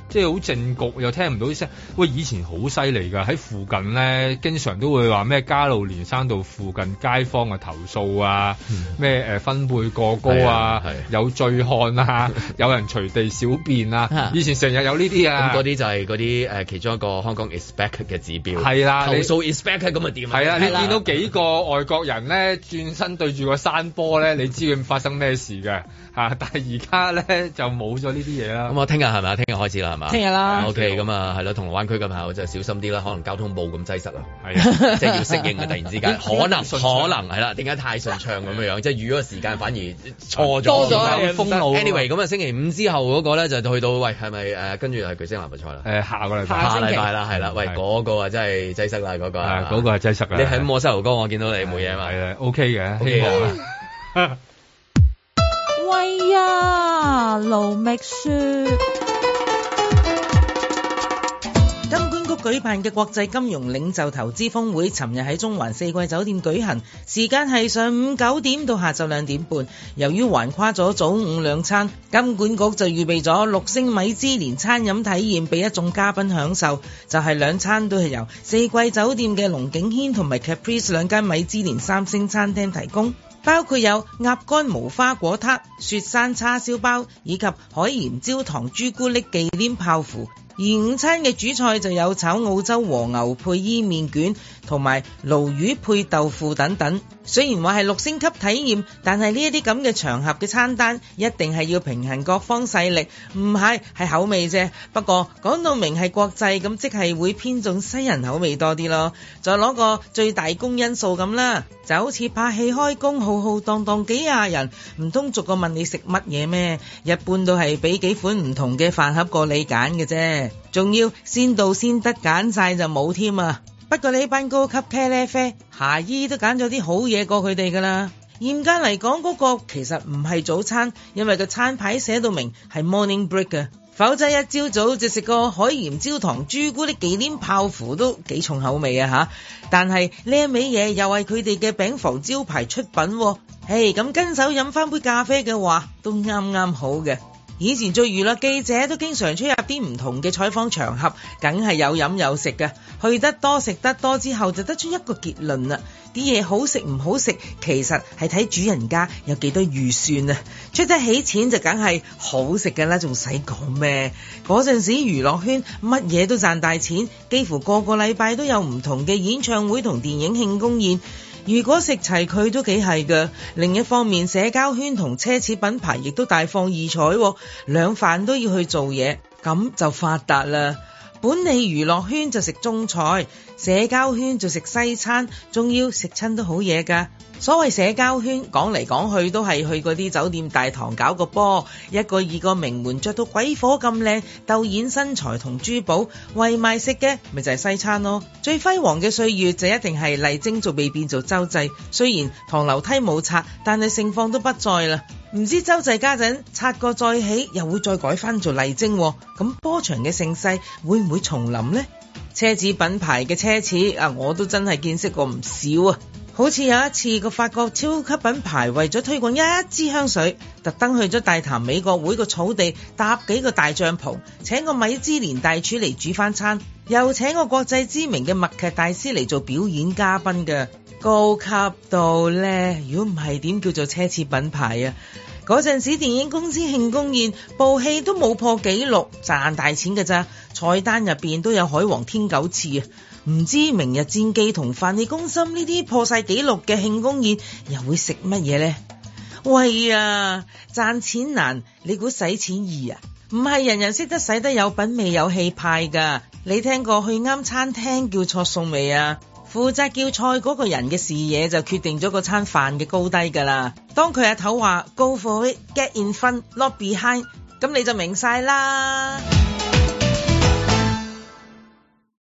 即係好正局，又聽唔到啲聲。喂，以前好犀利噶，喺附近咧，經常都會話咩加路連山道附近街坊啊投訴啊，咩、嗯、誒分貝過高啊，啊，啊，有醉漢啊， 有人隨地小便啊，以前成日有呢啲啊。咁嗰啲就係嗰啲誒其中一個香港 expect 嘅指標，係啦，啊，投訴 expect 咁啊點？係啦，啊，你見到幾個外國人咧，轉身對住個山坡咧，你知佢發生咩事嘅吓， 啊，但係而家咧就冇咗呢啲嘢啦。咁我聽日係咪啊？聽日開始啦。聽日啦，OK，咁啊，係咯，銅鑼灣區嘅朋友就小心啲啦，可能交通部咁擠塞啦啊，即係要適應啊，突然之間可能可能係啦，點解太順暢咁樣樣，即係預咗時間反而錯咗，多咗封路。Anyway，咁啊，星期五之後嗰個咧就去到，喂，係咪、呃、跟住係巨星籃球賽啦？係下個禮拜，下禮拜啦，係啦，喂，嗰、嗰個啊真係擠塞啦，嗰、嗰個啊，嗰、嗰個係擠塞嘅。你喺摩西樓江，我見到你冇嘢嘛，係 o k 嘅，OK 嘅。喂啊，盧覓雪。舉辦嘅國際金融領袖投資峰會，尋日喺中環四季酒店舉行，時間係上午九點到下晝兩點半。由於橫跨咗早午兩餐，金管局就預備咗六星米芝蓮餐飲體驗俾一眾嘉賓享受，就係、是、兩餐都係由四季酒店嘅龍景軒同埋 Caprice 兩間米芝蓮三星餐廳提供，包括有鴨肝無花果塔、雪山叉燒包以及海鹽焦糖朱古力忌廉泡芙。而午餐嘅主菜就有炒澳洲和牛配伊麵卷，同埋鱸魚配豆腐等等。雖然話係六星級體驗，但係呢一啲咁嘅場合嘅餐單，一定係要平衡各方勢力，唔係係口味啫。不過講到明係國際，咁即係會偏重西人口味多啲咯。再攞個最大公因素咁啦，就好似拍戲開工浩浩蕩蕩幾廿人，唔通逐個問你食乜嘢咩？一般都係俾幾款唔同嘅飯盒過你揀嘅啫。仲要先到先得，揀晒就冇添啊！不過你班高級茄喱啡霞姨都揀咗啲好嘢過佢哋噶啦。嚴格嚟講，嗰個其實唔係早餐，因為個餐牌寫到明係 morning break 嘅，否則一朝早就食個海鹽焦糖朱古力忌廉泡芙都幾重口味啊吓！但係呢一味嘢又係佢哋嘅餅房招牌出品喎，誒咁跟手飲翻杯咖啡嘅話都啱啱好嘅。以前做娛樂記者都經常出入啲唔同嘅採訪場合，梗係有飲有食㗎。去得多食得多之後，就得出一個結論啦。啲嘢好食唔好食，其實係睇主人家有幾多預算啊！出得起錢就梗係好食㗎啦，仲使講咩？嗰陣時娛樂圈乜嘢都賺大錢，幾乎個個禮拜都有唔同嘅演唱會同電影慶功宴。如果食齊佢都幾係噶，另一方面社交圈同奢侈品牌亦都大放異彩喎，兩飯都要去做嘢，咁就發達啦。本地娛樂圈就食中菜，社交圈就食西餐，仲要食親都好嘢噶。所謂社交圈，講嚟講去都係去嗰啲酒店大堂搞個波，一個二個名門着到鬼火咁靚，鬥演身材同珠寶，為賣食嘅咪就係、是、西餐咯。最輝煌嘅歲月就一定係麗晶仲未變做洲際，雖然唐樓梯冇拆，但係盛況都不在啦。唔知洲際家陣拆過再起，又會再改翻做麗晶，咁波場嘅盛世會唔會重臨呢？奢侈品牌嘅奢侈啊，我都真係見識過唔少啊！好似有一次個法國超級品牌為咗推廣一支香水，特登去咗大潭美國會個草地搭幾個大帳篷，請個米芝蓮大廚嚟煮翻餐，又請個國際知名嘅默劇大師嚟做表演嘉賓嘅，高級到咧！如果唔係點叫做奢侈品牌啊？嗰陣時電影公司慶功宴，部戲都冇破紀錄，賺大錢㗎咋。菜單入邊都有海王天狗翅啊！唔知明日戰記同飯氣攻心呢啲破曬紀錄嘅慶功宴又會食乜嘢呢？喂呀，賺錢難，你估使錢易啊？唔係人人識得使得有品味有氣派噶。你聽過去啱餐廳叫錯餸未啊？負責叫菜嗰個人嘅視野就決定咗嗰餐飯嘅高低噶啦。當佢阿頭話高貨 get in fun, lobby high，咁你就明曬啦。